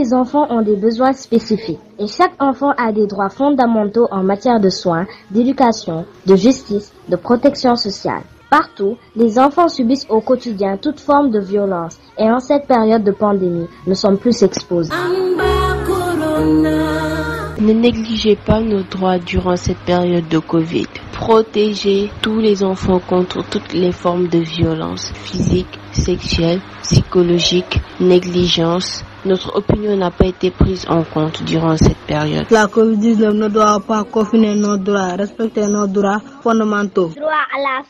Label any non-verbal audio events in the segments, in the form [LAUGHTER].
les enfants ont des besoins spécifiques et chaque enfant a des droits fondamentaux en matière de soins, d'éducation, de justice, de protection sociale. Partout, les enfants subissent au quotidien toute forme de violence et en cette période de pandémie, nous sommes plus exposés. Ne négligez pas nos droits durant cette période de Covid. Protégez tous les enfants contre toutes les formes de violence physique, sexuelle, psychologique, négligence, Notre opinion n'a pas été prise en compte durant cette période. La covid ne doit pas confiner nos droits, respecter nos droits fondamentaux. Droit à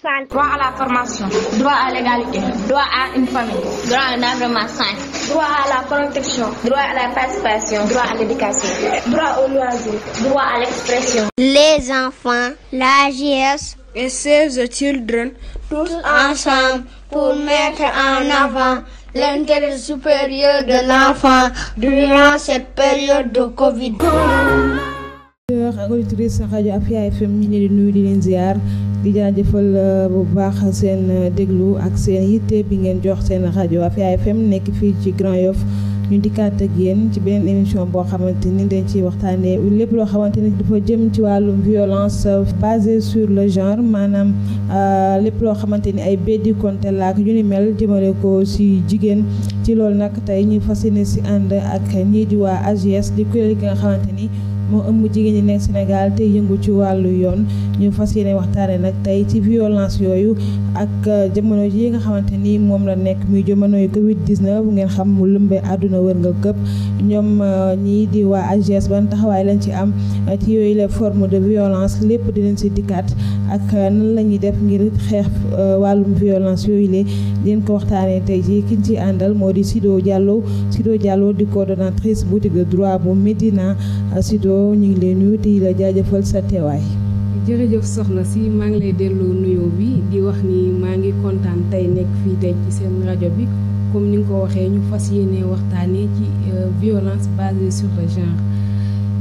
l'égalité, droit à une famille, à la protection, droit à l'éducation, droit au loisir, droit à l'expression. Les enfants, l'AGS et Save the Children, tous ensemble pour mettre en avant l'intérêt supérieur de l'enfant durant cette période de Covid. auditrice rajo Afia FM di nuyu di leen ziar di jaajëfal euh, bu baax seen euh, déglu ak seen yitte bi ngeen jox seen rajo Afia FM nekk fii ci Grand Yoff ñu dikkaat ak yéen ci benn émission boo xamante ni dañ ci waxtaanee lépp loo xamante ni dafa jëm ci wàllum violence basée sur le genre maanaam euh, lépp loo xamante ni ay beddi konte laak ñu ni mel jëmale ko si jigéen ci loolu nag tey ñu fas yéene si ànd ak nii di waa AJS di kuréel gi nga xamante ni. moo ëmb jigéen ñi nekk Sénégal te yëngu ci wàllu yoon ñu fas yéene waxtaane nag tey ci violence yooyu ak euh, jamono yi nga xamante ni moom la nekk muy jamonoy Covid 19 ngeen xam mu lëmbee àdduna nga këpp ñoom euh, ñii di waa AJS ban taxawaay lañ ci am ci yooyu les formes de violence lépp dinañ si dikkaat. ak nan la ñuy def ngir xeex euh, wàllum violence yooyu lee dinañ ko waxtaanee tey jii kiñ ci àndal moo di Sido jàlloo Sido Diallo di coordonnatrice boutique de droit bu Médina euh, Sido ñu ngi lay nuyu di jaajëfal sa teewaay. jërëjëf soxna si maa ngi lay delloo nuyoo bi di wax ni maa ngi kontaan tey nekk fii tey ci seen rajo bi comme ni nga ko waxee ñu fas yéene waxtaanee ci euh, violence basée sur le genre.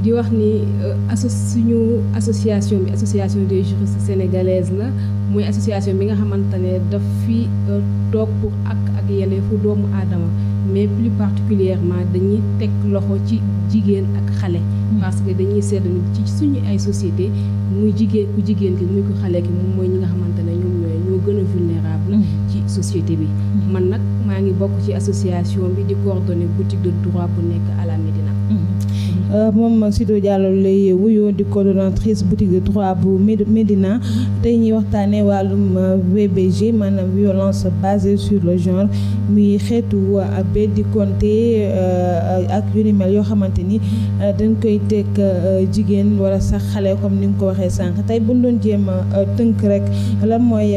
di wax ni euh, asso suñu association bi association des juristes sénégalaises la mooy association bi nga xamante ne daf fi euh, toog pour ak ak yelleefu doomu aadama mais plus particulièrement dañuy teg loxo ci jigéen ak xale. parce que dañuy seetlu ci suñu ay société muy jigéen ku jigéen ki muy ko xale ki moom mooy ñi nga xamante ne ñoom ñooy ñoo gën a vulnérable. Mm. ci société bi. Mm. man nag maa ngi bokk ci association bi di coordonner boutique de droit bu nekk à la Médina. Euh, moom Sido Diallo lay wuyoo di coordonnatrice boutique de droit bu Médina tey ñuy waxtaanee wàllum euh, VBG maanaam violence basée sur le genre muy xeetu beddikonte euh, ak yu ni mel yoo xamante ni dañ koy teg jigéen wala sax xale comme ni nga ko waxee sànq tey bu ñu doon jéem a tënk rek lan mooy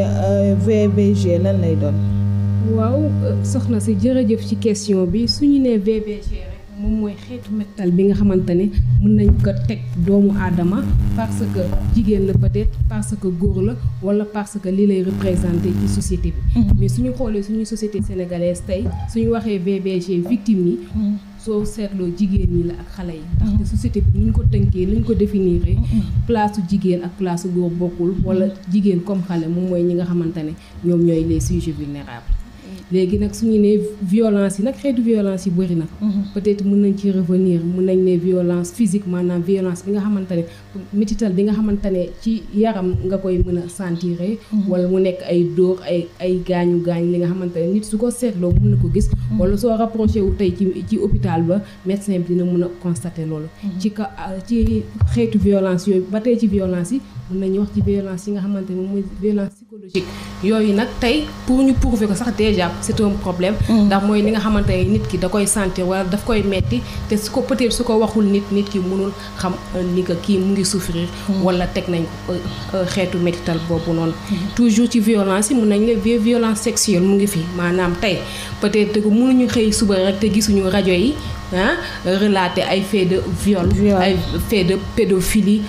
VBG lan lay doon. waaw soxna si jërëjëf ci question bi suñu nee VBG. moom mooy xeetu mettal bi nga xamante ne mën nañ ko teg doomu aadama parce que jigéen la peut-être parce que góor la wala parce que lii lay représenté ci société bi. Mm-hmm. mais suñu xoolee suñu société sénégalaise tey suñu waxee VBG victime yi. Mm-hmm. soo seetloo jigéen ñi la ak xale yi. ndaxte mm-hmm. société bi ni ñu ko tënkee ni ñu ko définir. place jigéen ak place su góor bokkul wala jigéen comme xale moom mooy ñi nga xamante ne ñoom ñooy les sujets vulnérables. léegi nag su ñu nee violence yi nag xeetu violence yi bëri na mhm. peut-être mën nañ ci revenir mën nañ ne violence physique maanaam violence bi nga xamante ne mitital bi nga xamante ne ci yaram nga koy mën a sentir mhm. wala mu nekk ay dóor ay ay gaañu gaañ li nga xamante ne nit su ko seetloo mën na ko gis mhm. wala soo rapproché wu tey ci ci hôpital ba médecin bi dina mën a constater loolu ci ka ah, ci xeetu violence yooyu ba tey ci violence yi mën nañu wax ci violence yi nga xamante ne moom mooy violence psychologique yooyu nag tey pour ñu prouver ko sax déjà c'est un problème. Mm. ndax mooy li nga xamante ne nit ki da koy sentir wala daf koy metti te su ko peut su ko waxul nit nit ki mënul xam euh, ni que kii mu ngi souffrir. Mm. wala teg nañ euh, euh, xeetu métital boobu noonu. Mm. toujours ci violence yi mun nañ la vie violence sexuelle mu ngi fi maanaam tey peut-être que mënuñu xëy suba rek te gisuñu rajo yi. ah relater ay fait de viol ay fait de pédophilie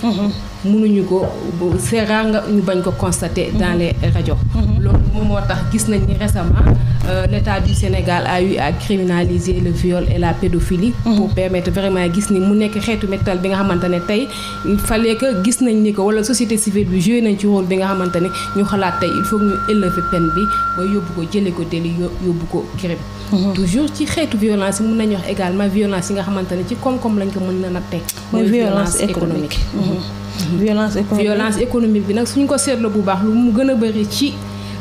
mënuñu mm-hmm. ko c'est rare nga ñu bañ ko constater dans mm-hmm. les rajo mm-hmm. loolu moom moo tax gis nañ ni récemment euh, l'État du Sénégal a eu à criminaliser le viol et la pédophilie pour permettre vraiment gis ni mu nekk xeetu métal bi nga xamante ne tey il fallait que gis nañ ni ko wala société civile bi joué nañ ci rôle bi nga xamante ne ñu xalaat tey il faut ñu élever peine bi ba yóbbu ko jëlee ko délit yóbbu ko crime toujours violence yi nga xamante ne ci koom-koom lañ ko mën na nattee. mooy violence économique mhm. Mhm. violence économique violence économique bi nag suñ ko seetloo bu baax lu mu gën a bëri ci.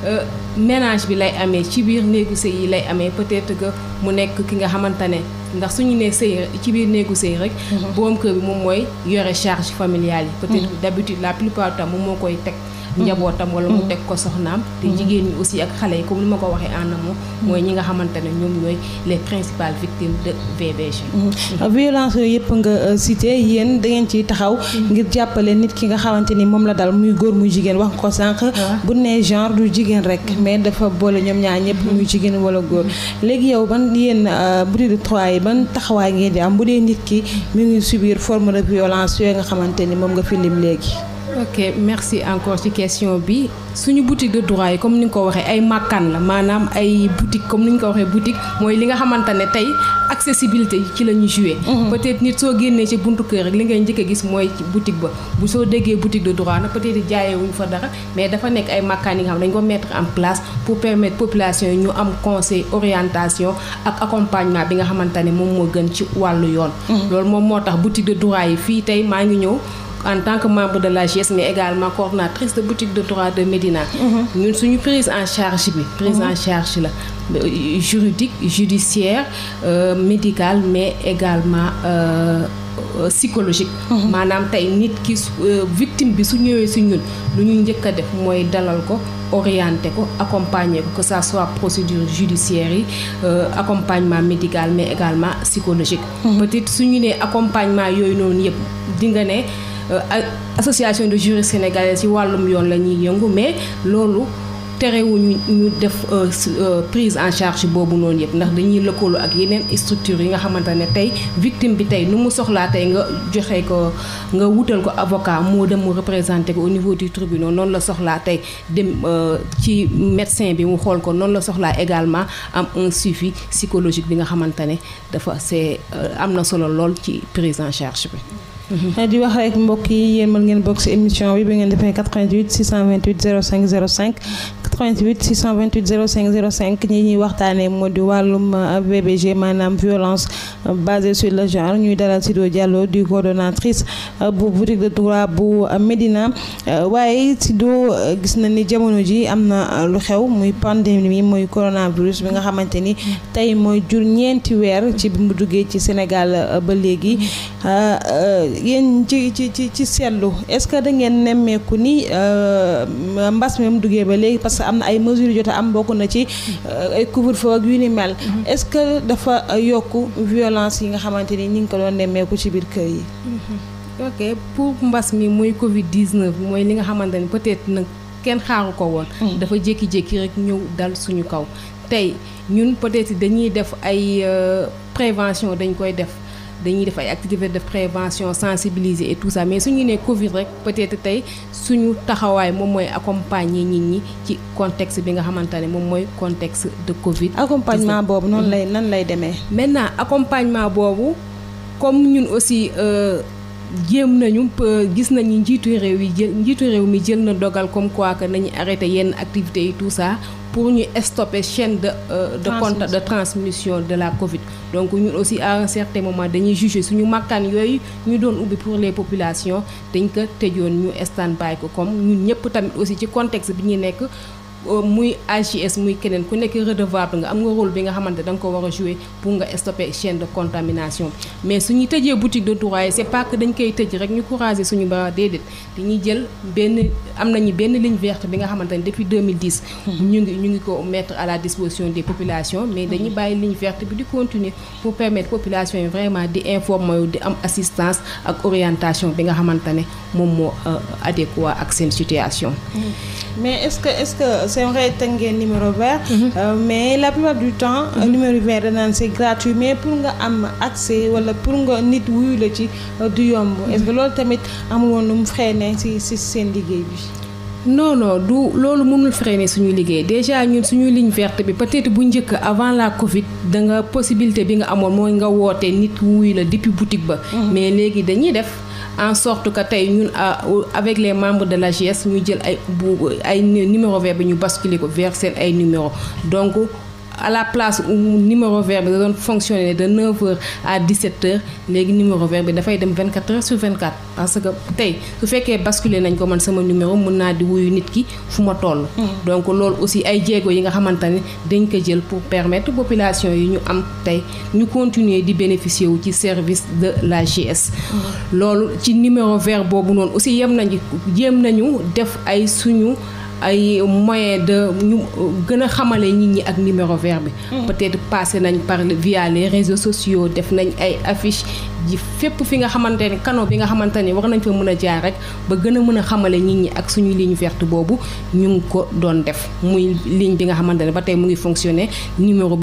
Euh, ménage bi lay amee ci biir néegu sëy yi lay amee peut-être que mu nekk ki nga xamante ne ndax suñu ne sëy ci biir néegu sëy rek. Mhm. borom kër bi moom mooy yore charge familiale yi. peut-être d'habitude la plupart du temps moom moo koy teg. njabootam wala mu teg ko soxnaam te mm-hmm. jigéen ñi aussi ak xale yi comme ni ma ko waxee en amont mm-hmm. mooy ñi nga xamante ne ñoom ñooy les principal victimes de VBG mm-hmm. violence yooyu yëpp nga euh, cité yéen da ngeen ciy taxaw ngir jàppale nit ki nga xamante ni moom la dal muy góor muy jigéen wax nga ko sànq bu ne genre du jigéen rek mais dafa boole ñoom ñaar ñëpp muy jigéen wala góor léegi yow ban yéen euh, bu dee de yi ban taxawaay ngeen di am bu dee nit ki mu ngi subir forme de violence yooyu nga xamante ni moom nga fi lim léegi ok merci encore ci question bi suñu boutique de droit yi comme ni nga ko waxee ay màkkaan la maanaam ay boutique comme ni ñu ko waxee boutique mooy li nga xamante ne tey accessibilité yi ci la ñu joué. Mhm. peut-être nit soo génnee ci buntu kër rek li ngay njëkk a gis mooy ci boutique ba bu soo déggee boutique de droit nag peut jaaye jaayewuñ fa dara mais dafa nekk ay màkkaan yi nga xam dañ ko mettre en place pour permettre population yi ñu am conseil orientation ak accompagnement bi nga xamante ne moom moo gën ci wàllu yoon. Mhm. loolu en tant que membre de la GIES mais également coordonnatrice de boutique de droit de Médina. Mhm. ñun suñu prise en charge bi. prise mhm. en charge la juridique judiciaire euh, médicale mais également. Euh, psychologique mhm. maanaam tey nit ki euh, victime bi su ñëwee si ñun lu ñuy njëkk a def mooy dalal ko orienté ko accompagner ko que ça soit procédure judiciaire yi euh, accompagnement médical mais également psychologique peut-être su ñu nee accompagnement yooyu noonu yëpp di ne Euh, association de juristes sénégalais ci wàllum yoon la ñuy yëngu mais loolu terewuñu ñu def euh, euh, prise en charge boobu noonu yëpp ndax dañuy lëkkaloo ak yeneen structure yi nga xamante ne tey victime bi tey nu mu soxlaa tey nga joxe ko nga wutal ko avocat moo dem mu représenter ko au niveau du tribunal noonu la soxlaa tey dem ci médecin bi mu xool ko noonu la soxlaa également am un suivi psychologique bi nga xamante ne dafa c'est am na solo lool ci prise en charge bi Mm-hmm. Eh, di wax rek mbokk yi yéen mën ngeen bokk si émission bi bi ngeen defee 88 628 05 05 88 628 05 05 ñi ñuy waxtaanee moo di wàllum euh, VBG maanaam violence euh, basée sur le genre ñuy dalal Sido Diallo di coordonnatrice euh, bu boutique de droit bu Médina waaye Sido gis na ni jamono ji am na lu xew muy pandémie mooy coronavirus bi nga xamante ni tey mooy jur ñeenti weer ci bi mu duggee ci senegal ba léegi mm-hmm. yéen ci ci ci ci seetlu est-ce que da ngeen nemmeeku ni euh, mbas mi mu duggee ba léegi parce que am na ay mesures yu jot am bokk na ci euh, ay couvre-feu ak yu ni mel. Mm-hmm. est-ce que dafa yokk violence yi nga xamante ni ni ngi ko doon nemmeeku ci biir kër yi. Mm-hmm. ok pour mbas mi mooy Covid 19 mooy li nga xamante ni peut-être nag kenn xaaru ko woon. Mm. dafa jékki-jékki rek ñëw dal suñu kaw. tey ñun peut-être dañuy def ay euh, prévention dañ koy def. dañuy def ay activités de prévention sensibiliser et tout ça mais suñu nee Covid rek peut-être tey suñu taxawaay moom mooy accompagner nit ñi ci contexte bi nga xamante ne moom mooy contexte de Covid. accompagnement boobu noonu mm-hmm. lay nan lay demee. maintenant accompagnement boobu comme ñun aussi. Euh, jéem nañu gis nañu njiitu réew yi jël njiitu réew mi jël na dogal comme quoi que nañu arrêté yenn activités yi tout ça pour ñu stopper chaîne de euh, de compte de transmission de la Covid donc ñu aussi à un moment dañuy juger suñu makkaan yooyu ñu doon ubbi pour les populations dañ ko tëjoon ñu stand by ko comme ñun ñëpp tamit aussi ci contexte bi ñu nekk Euh, muy AJS muy keneen ku nekk redevable nga am nga rôle bi nga xamante da nga ko war a jouer pour nga stopper chaîne de contamination mais suñuy tëjee boutique de Touraye c'est pas dañ koy tëj rek ñu couragé suñu bara déedéet dañuy jël benn am nañu benn bi nga xamante ne depuis 2010 hmm. ñu ngi ñu ngi ko mettre à la disposition des populations mais dañuy hmm. bàyyi ligne verte bi di continuer pour permettre population yi vraiment di informer yu di am assistance ak orientation bi nga xamante ne moom moo euh, adéquat ak seen situation hmm. c'est vrai teg ngeen numéro vert. Mhm. Euh, mais la plupart du temps. Mhm. Euh, numéro vert danaan c'est gratuit mais pour nga am accès wala pour nga nit wuyu la ci euh, du yomb. Mhm. est loolu tamit amul woon lu mu freiné ci ci seen liggéey bi. non du loolu mënul freiner suñu liggéey déjà ñun suñu ligne vert bi peut-être bu njëkk avant la Covid da nga possibilité bi nga amoon mooy nga woote nit wuy la depuis boutique ba. mais léegi dañuy def. en sorte que tey ñun ah, avec membre membres de l'AGS ñu jël ay bu ay numéro vert bi ñu basculer ko vers seen ay numéro donc à la place où numéro vert bi da doon fonctionner de 9 à 17h léegi numéro vert bi dafay dem 24h sur 24 parce que tey su fekkee basculer nañ ko man sama numéro mën naa di wuyu nit ki fu ma toll. Hmm. donc loolu aussi ay jéego yi nga xamante ne dañ ko jël pour permettre population yi ñu am tey ñu continuer di bénéficier wu ci service de la l'AGS. Hmm. loolu ci numéro ver boobu noonu aussi yem nañu jéem nañu def ay suñu. ay moyen de ñu euh, gën a xamale nit ñi ak numéro vert bi mm-hmm. peut-être passé nañ par viale les réseaux sociaux def nañ ay affiches ji fépp fi nga xamante ni canaux bi nga xamante ni war nañ fa mën a jaar rek ba gën a mën a xamale nit ñi ak suñu ligne verte boobu ñu ngi ko doon def muy ligne bi nga xamante ne ba tey mu ngi fonctionner numéro ba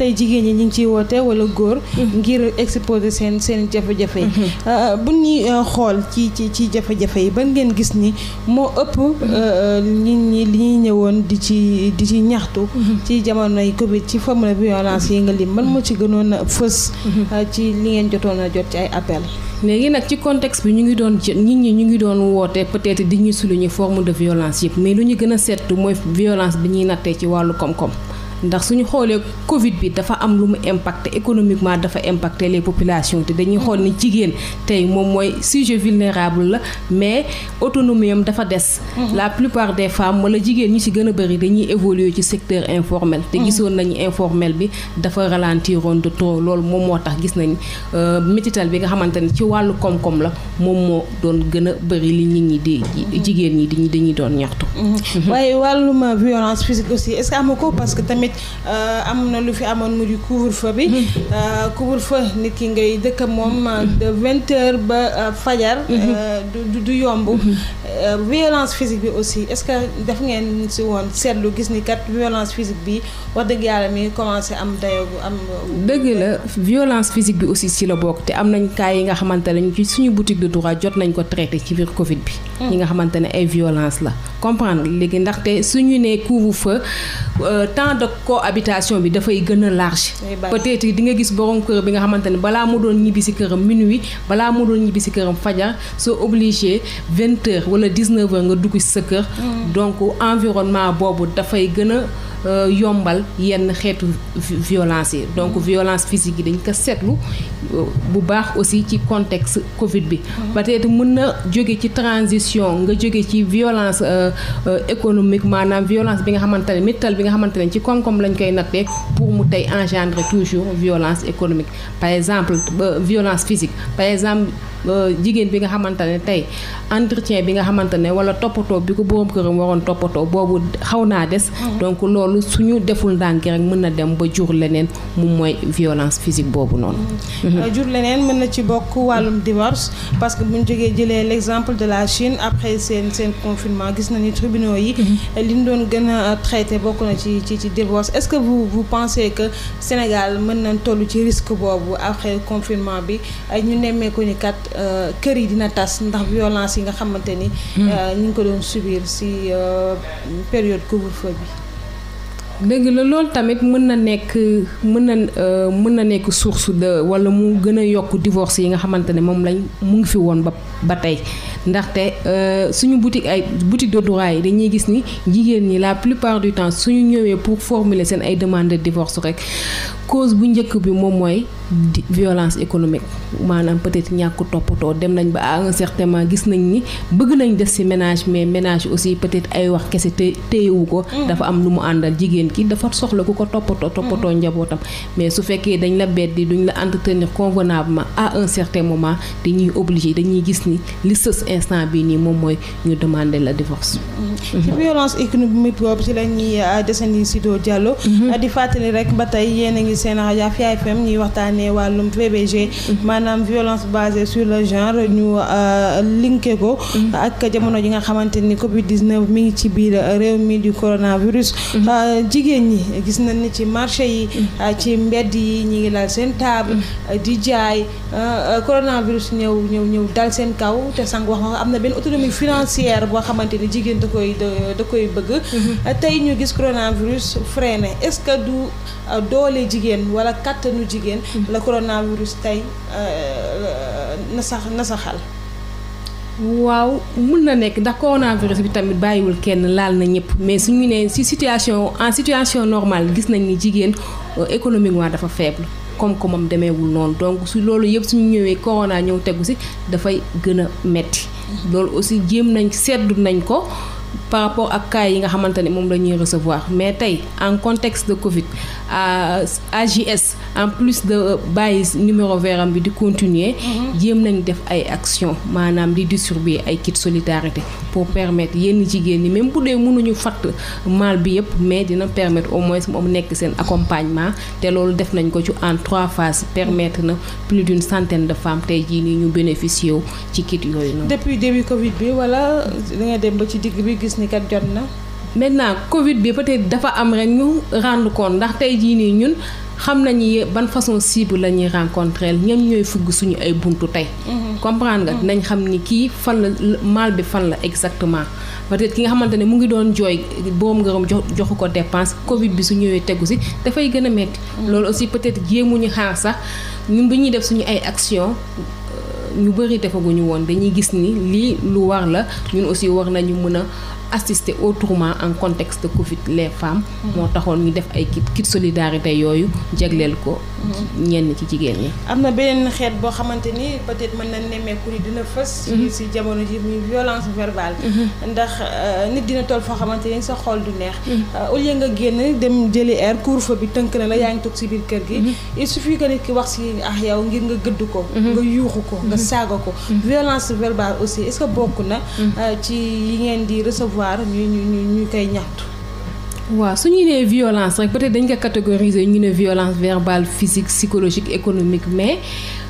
tey jigéen ñu ngi ciy woote wala góor. Mm-hmm. ngir exposer seen seen jafe-jafe yi. Mm-hmm. Euh, bu ñuy euh, xool ci ci ci jafe-jafe yi ba ngeen gis ni moo ëpp nit euh, ñi mm-hmm. li ñuy ñëwoon di ci di ñaxtu. ci jamonoy Covid ci forme violence yi nga lim man moo ci gënoon a fës. Mhm. Ah, ci li ngeen jotoon a jot ci ay appel léegi nag ci contexte bi ñu ngi doon nit ñi ñu ngi doon woote peut-être di ñu souligner forme de violence yëpp mais lu ñu gën a seetlu mooy violence bi ñuy nattee ci wàllu koom-koom. ndax suñu xoolee Covid bi dafa am lu mu impacté économiquement dafa impacté les populations te dañuy xool ni jigéen tey moom mooy sujet vulnérable la mais autonomie am dafa des. Mhm. la plupart des femmes wala jigéen ñi ci gën a bëri dañuy évoluer ci secteur informel. te mhm. gisoon nañu informel bi dafa ralentiroon de trop loolu moom moo tax gis nañu euh, métital bi nga xamante ne ci wàllu koom-koom la moom moo doon gën a bëri li nit ñi di mhm. jigéen ñi dañuy doon ñaxtu. tamit euh, am na lu fi amoon mu di couvre-feu bi mm. euh, couvre-feu nit ki ngay dëkk moom euh, mm. de vingt heures ba fajar mm-hmm. du du yomb mm-hmm. violence physique bi aussi est-ce que def ngeen si woon seetlu gis ni kat violence physique bi wax dëgg yàlla mi commencé am dayo am dëgg la violence physique bi aussi si la bokk te am nañ cas yi nga xamante ne ci suñu boutique de jot nañ ko traité ci biir Covid bi ñi mm. nga xamante ne ay violence la comprendre léegi ndaxte suñu ne couvre-feu cohabitation bi dafay gën a large peut-être di nga gis borom kër bi nga xamante ne balaa mu doon ñibbi si këram minuit balaa mu doon ñibbi si këram fajar soo obligé vingt heures wala dix-neuf heures nga dugg si sa kër mm. donc environnement boobu dafay gën Euh, yombal yenn xeetu violence yi donc mm-hmm. violence physique yi dañ ko seetlu euh, bu baax aussi ci contexte Covid bi peut-être mm-hmm. mën na jóge ci transition nga jóge ci violence euh, économique maanaam violence bi nga xamante ne méttal bi nga xamante ne ci koom-koom lañ koy nattee pour mu tey engendrer toujours violence économique par exemple violence physique par exemple Euh, jigéen bi nga xamante ne tey entretien bi nga xamante ne wala toppatoo bi ko boroom këram waroon toppatoo boobu xaw naa des mm-hmm. donc loolu suñu deful ndànk rek mën na dem ba jur leneen moom mooy violence physique boobu noonu mm-hmm. Mm-hmm. Euh, jur leneen mën na ci bokk wàllum divorce parce que bu ñu jógee jëlee l'exemple de la Chine après seen confinement gis nañu tribunaux yi euh, li nu doon gën a traité bokk na ci ci ci divorce est-ce que vous vous pensez que Sénégal mën nañ toll ci risque boobu après confinement bi ñu nemmeeku ni kat Euh, kër yi dina tas ndax violence yi nga xamante ni. Hmm. Euh, ñu ngi ko doon subir ci euh, période couvre-feu bi. dëgg la loolu tamit mën na nekk mën na euh, mën na nekk source de wala mu gën a yokk divorce yi nga xamante ne moom lañ mu ngi fi woon ba ba tey ndaxte euh, suñu boutique ay boutique de droit yi dañuy gis ni jigéen ñi la plupart du temps suñu ñëwee pour formuler seen ay demande de divorce rek cause bu njëkk bi moom mooy violence économique maanaam peut-être ñàkk toppatoo dem nañ ba à un certain gis nañ ni bëgg nañ def ci ménage mais ménage aussi peut-être ay wax kese te téyewu ko mm. dafa am lu mu àndal jigéen ki dafa soxla ku ko toppatoo toppatoo mm-hmm. njabootam mais su fekkee dañ la beddi duñ la entretenir convenablement à un certain moment dañuy obligé dañuy gis ni li sës instant bi nii moom mooy ñu demander la divorce mm-hmm. Mm-hmm. ci violence économique boobu ci la ñuy euh, desandi Sido Diallo euh, di fàttali rek ba tey yéen a ngi seen a Afia FM ñuy waxtaanee wàllum VBG maanaam violence basée sur le genre ñu euh, linké ko ak jamono ji nga xamante ni Covid 19 mi ngi ci biir réew mi du jigéen ñi gis nañ ni ci marché yi mm. ci mbedd yi ñu ngi laal seen table mm. di jaay ah, ah, coronavirus ñëw ñëw ñëw dal seen kaw te sang wax nga am na benn autonomie financière boo xamante ni jigéen da koy da koy bëgg mm-hmm. ah, tey ñu gis coronavirus freiné est-ce que du doole jigéen wala kàttanu jigéen mm. la coronavirus tey na sax na waaw mun na nekk ndax coronavirus bi tamit bàyyiwul kenn laal na ñëpp mais su suñu nee si situation en situation normale gis nañ ni jigéen euh, économiquement dafa faible koom-koomam demeewul noonu donc su loolu yëpp suñu ñëwee corona ñëw tegu si dafay gën a metti mhm. loolu aussi jéem nañ seddu nañ ko par rapport ak cas yi nga xamante ne moom la ñuy recevoir mais tey en contexte de Covid AJS en plus de bàyyi numéro veram bi di continuer mhm. jéem nañ def ay actions maanaam di distribuer ay kits solidarité pour permettre yenn jigéen ñi même bu dee mënuñu fatt mal bi yëpp mais dina permettre au moins mu nekk seen accompagnement te loolu def nañ ko ci en trois phases permettre na plus d'une centaine de femmes tey jii nii ñu bénéficier wu ci kiit yooyu noonu. depuis ni kat jot na. maintenant Covid bi peut-être dafa am rek ñu rendre compte ndax tey jii nii ñun xam nañu ban façon cible la ñuy rencontré ñoom ñooy fugg suñu ay buntu tey. Mm-hmm. comprendre nga mm-hmm. nañ xam ni kii fan la mal bi fan la exactement. peut-être ki nga xamante ne mu ngi doon jooy borom ngërëm jox joxu ko dépense Covid bi su ñëwee tegu si dafay gën a metti. Mm-hmm. loolu aussi peut-être ñu xaar sax ñun bu ñuy def suñu ay action euh, ñu bëri defaguñu woon dañuy gis ni lii lu war la ñun aussi war nañu mën a. assister au tournant en contexte de Covid les femmes. moo taxoon ñu def ay kit kit solidarité yooyu jagleel ko. ñenn ci jigéen ñi. am na beneen xeet boo xamante ni peut-être mën na nemmeeku ni dina fës. si mhm. jamono ji muy violence verbale. Mhm. ndax euh, nit dina toll foo xamante ni sa xool du neex. Mhm. Euh, au lieu nga génn dem jëli air couvre-feu bi tënk na la yaa ngi toog si biir kër gi. il suffit que nit ki wax si ah yow ngir nga gëdd ko. nga yuuxu ko nga saaga ko. violence verbale aussi est-ce na euh, recevoir ñuy ñu ñu koy ñaxtu. waaw su ñu nee violence rek peut-être dañ ko catégoriser ñu ne violence verbale physique psychologique économique mais.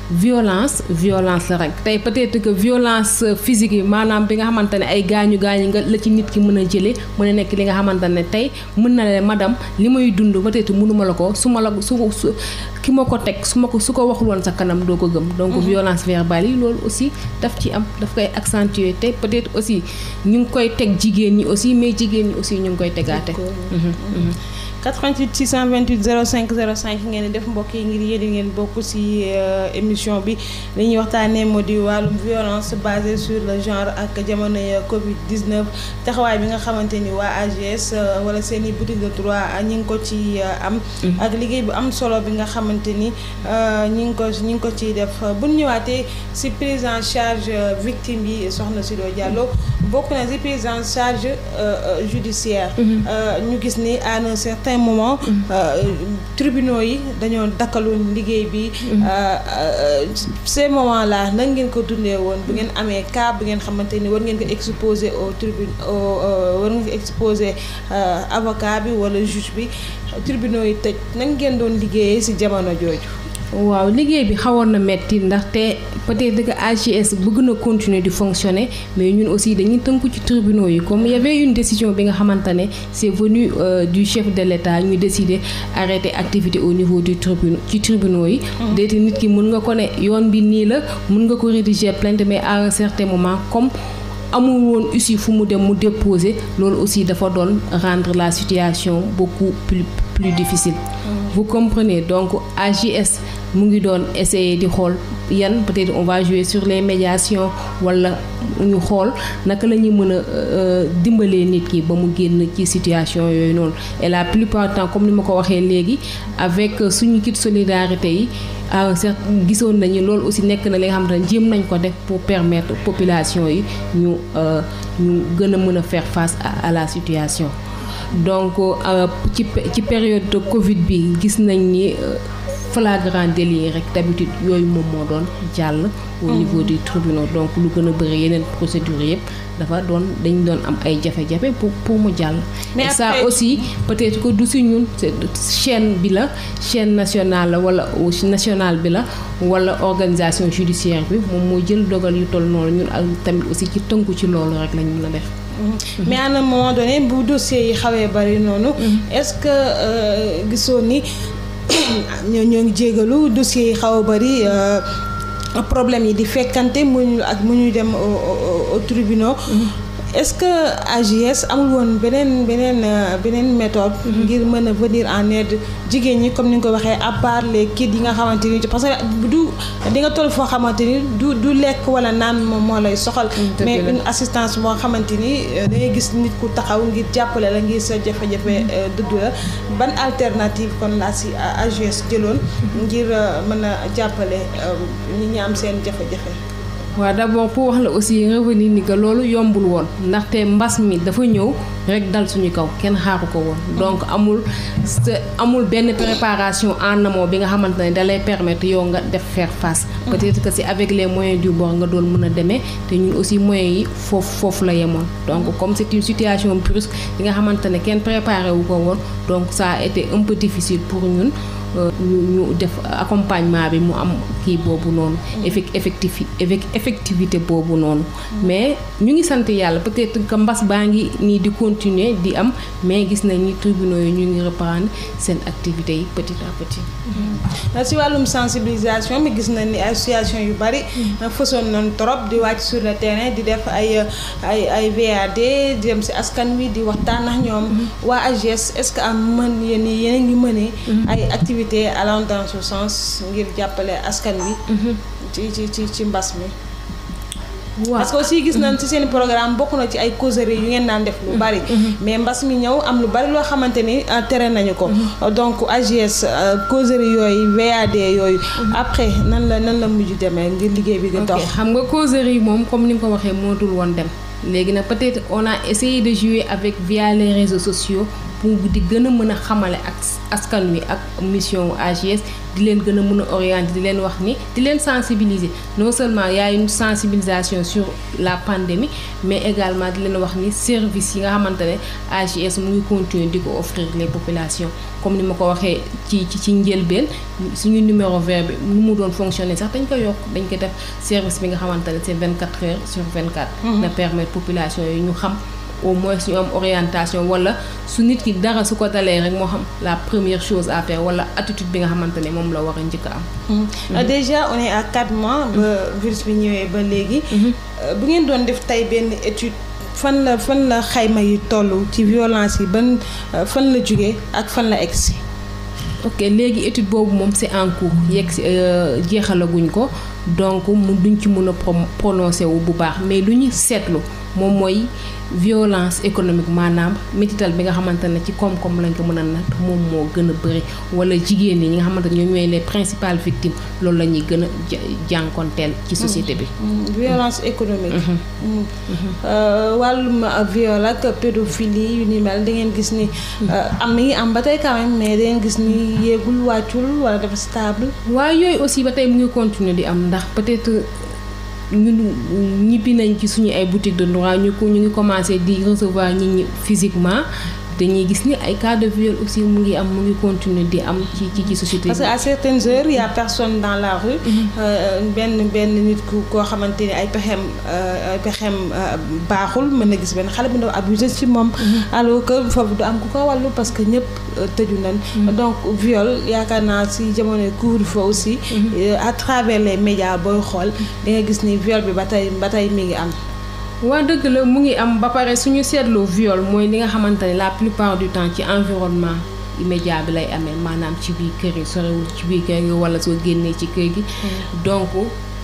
violence violence la rek tey peut-être que violence physique yi maanaam bi nga xamante ne ay gaañu gaañu nga la ci nit ki mën a jëlee mën a nekk li nga xamante ne tey mën na leen madame li may dund peut-être mënuma la ko su ma la su su ki ma ko teg su ma ko su ko waxul woon sa kanam doo ko gëm. donc mhm. violence verbale yi loolu aussi daf ci am daf koy accentuer te peut-être aussi ñu ngi koy teg jigéen ñi aussi mais jigéen ñi aussi ñu ngi koy tegaate. 88 628 05 05 ngeen di def mbokk yi ngir yéen ngeen bokk ci euh, émission bi li ñuy waxtaanee moo di wàllum violence basée sur le genre ak jamono Covid 19 taxawaay bi nga xamante ni waa AGS euh, wala seeni i boutique de droit euh, ñi ngi ko ci am. Mm. ak liggéey bu am solo bi nga xamante ni ñi ngi ko ñi ngi ko ciy def bu ñu ñëwaatee ci prise en charge victime yi soxna si doo Diallo bokk na ci prise en charge judiciaire. Mm-hmm. ñu gis ni à certain moment. Mm. Euh, tribunaux yi dañoo dakkaloon liggéey bi. Mm. Euh, euh, ces moments là nan ngeen ko dundee woon bu ngeen amee cas bu ngeen xamante ni war ngeen ko exposer au tribunal war ngeen ko exposer avocat bi wala juge bi tribunaux yi tëj nan ngeen doon liggéeyee ci jamono jooju. waaw liggéey bi xawoon na metti ndaxte peut-être que AGS bëgg na continuer di fonctionner mais ñun aussi dañuy tënku ci tribunaux yi comme il une décision bi nga xamante ne c'est venu euh, du chef de l'État ñu décider arrêter activité au niveau du tribunal ci tribunaux yi. déedéet mm. nit ki mun nga ko ne yoon bi nii la mun nga ko rédiger plainte mais à un certain moment comme. amul woon aussi fu mu dem mu déposer loolu aussi dafa doon rendre la situation beaucoup plu plus difficile. Mmh. vous comprenez donc mu ngi doon essayer di xool yan peut-être on va jouer sur les médiation wala ñu xool naka lañuy ñuy mën a euh, dimbalee nit ki ba mu génn ci situation yooyu noonu et la plupart du temps comme ni ma ko waxee léegi avec suñu kit solidarité yi ah sax gisoon nañu loolu aussi nekk na li nga xam ne jéem nañ ko def pour permettre population yi ñu euh, ñu gën a mën a faire face à la situation donc euh, ci ci période Covid bi gis nañ ni. flagrant délit rek d'habitude yooyu moom moo doon jàll au mm. niveau du tribunal donc lu gën a bëri yeneen procédure yëpp dafa doon dañ doon am ay jafe-jafe pour pour mu jàll mais ça aussi peut-être que du si ñun chaine bi la chaine nationale la wala nationale bi la wala organisation judiciaire bi moom moo jël dogal yu toll noonu ñun ak tamit aussi ci tënku ci loolu rek lañ mën a def mm-hmm. Mm-hmm. mais à un moment donné bu dossier yi xawee bari noonu mm-hmm. est-ce que euh, gisoo ni [COUGHS] ñoo ñoo ngi jégalu dossier yi xaw a bëri euh, problème yi di fekkante mu ak mu ñu dem au tribunal mm-hmm. est-ce que AJS amul woon beneen beneen euh, beneen méthode. Mhm. ngir mën a venir en aide jigéen ñi comme ni nga ko waxee à part yi nga xamante ni parce que du di nga toll foo xamante ni du du lekk wala naan moom moo lay soxal. Mm, mais une assistance boo xamante ni euh, da gis nit ku taxaw ngir jàppale la ngir sa jafe-jafe mm. euh, dëdd la ban alternative kon laa si AJS jëloon. Mm. ngir mën a jàppale ñi ñu am seen jafe-jafe. waaw d'abord pour wax la aussi revenir ni que loolu yombul woon ndaxte mbas mi dafa ñëw rek dal suñu kaw kenn xaaru ko woon donc amul amul benn préparation en amont bi nga xamante ne da lay permettre yow nga def faire face peut-être que si avec les moyens du bord nga doon mën a demee te ñun aussi moyens yi foofu foofu la yemoon donc comme c'est une situation brusque bi nga xamante ne kenn préparé wu ko woon donc ça a été un peu difficile pour ñun ñu ñu def accompagnement bi mu am kii boobu noonu. Mm. effectif effectivité boobu noonu. mais ñu ngi sant yàlla peut-être que mbas baa ngi nii di continuer di am mais gis nañ ni tribunaux yi ñu ngi reprendre seen activité yi petit à petit. Mm. si wàllum sensibilisation mi gis nañ ni association yu bari. Mm. fësoon nañ trop di wàcc sur le terrain di def ay ay ay VAD di dem si askan wi di waxtaan ak ñoom. waa AGS est-ce que am mën yéen yéen mëne ay activités activités allant dans sens ngir jàppale askan wi. Mhm. ci ci ci mbas mi. waaw parce que gis nañ ci seen programme bokk na ci ay causeries yu ngeen naan def lu mhm. bari. Mhm. mais mbas mi ñëw am lu bari loo xamante ni euh, tere nañu ko. donc AJS euh, causeries yooyu de yooyu. après nan la nan la mujj demee ngir liggéey bi di dox. xam nga causeries moom comme ni nga ko waxee mënatul woon dem léegi nag peut-être on a essayé de jouer avec via les réseaux sociaux. pour di gën a mën a xamale ak askan wi ak mission AJS di leen gën a mën a orienter di leen wax ni di leen sensibiliser non seulement y a sensibilisation sur la pandémie mais également di leen wax ni service yi nga xamante ne AJS mu ngi continuer di ko offrir les populations comme ni ma ko waxee ci ci ci njëlbeen suñu numéro vert bi nu mu doon fonctionner sax dañ ko yokk dañ ko def service bi nga xamante ne c'est 24 heures sur 24. Mm-hmm. na permettre population yi ñu xam. au moins ñu am orientation wala su nit ki dara su ko dalee rek moo xam la première chose à faire wala attitude bi nga xamante ne moom la war a njëkk am. Mm-hmm. Euh, déjà on est à quatre mois. ba virus bi ñëwee ba léegi. Mm-hmm. Euh, bu ngeen doon def tey benn étude. fan la fan la xayma yi toll ci violence yi ban euh, fan la jóge ak fan la egsi ok léegi étude boobu moom c'est en cours yegg si jeexalaguñ ko donc mu duñ ci mën a prononcé wu bu baax mais lu ñu seetlu moom mooy violence économique maanaam métital bi nga xamante ne ci koom-koom lañ ko mën a natt moom moo gën a bëri wala jigéen ñi nga xamante ne ñoo ñooy les principales loolu la ñuy gën a jànkonteel ci société bi. Mm-hmm. Mm-hmm. violence économique. Mm-hmm. Euh, wàllum viol ak pédophilie yu ni mel da ngeen gis ni. Euh, am mi ngi am ba tey quand mais da ngeen gis ni yéegul wàccul wala dafa stable. waa yooyu aussi ba tey mu ngi continuer di am ndax peut-être ñun ñibbi nañ ci suñu ay boutique de droit ñu ko ñu ngi commencé di recevoir nit ñi physiquement dañuy gis ni ay cas de viol aussi mu ngi am mu ngi continuer di am ci ci ci société parce que à certaines heures y a personne dans la mm-hmm. euh, benn benn nit ku koo xamante ni ay pexeem euh, ay pexeem euh, baaxul mën na gis benn xale bu ndaw abusé ci moom. Mm-hmm. alors que foofu du am ku ko wàllu parce que ñëpp tëju nañ. Mm-hmm. donc viol yaakaar naa si jamono couvre-feu aussi. à travers les médias booy xool da nga gis ni viol bi ba tey ba tey mi ngi am. waa dëgg la mu ngi am ba pare suñu seetloo viol mooy li nga xamante ne la plupart du temps ci environnement immédiat bi lay amee maanaam ci biir kër yi sorewul ci biir kër gi wala soo génnee ci kër gi mm. donc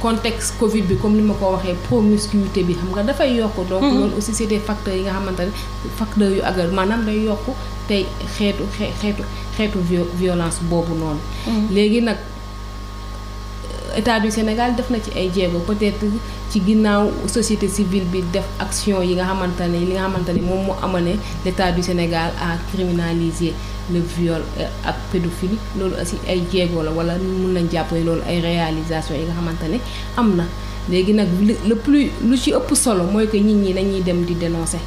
contexte Covid bi comme ni ma ko waxee promiscuité bi xam nga dafay yokk mm-hmm. donc loolu aussi c'est des facteurs yi nga xamante ne facteurs yu agal maanaam day yokk tey xeetu xeetu xeetu violence boobu noonu mm-hmm. léegi nag état du Sénégal def na ci ay jéego peut-être ci ginnaaw société civile bi def action yi nga xamante ne li nga xamante ne moom moo amane l'état du Sénégal à criminaliser le viol euh, ak pédophilie loolu aussi ay jéego la wala mun nañ jàpp loolu ay réalisation yi nga xamante ne am na léegi nag le plus lu ci ëpp solo mooy que nit ñi dañuy dem di dénoncer.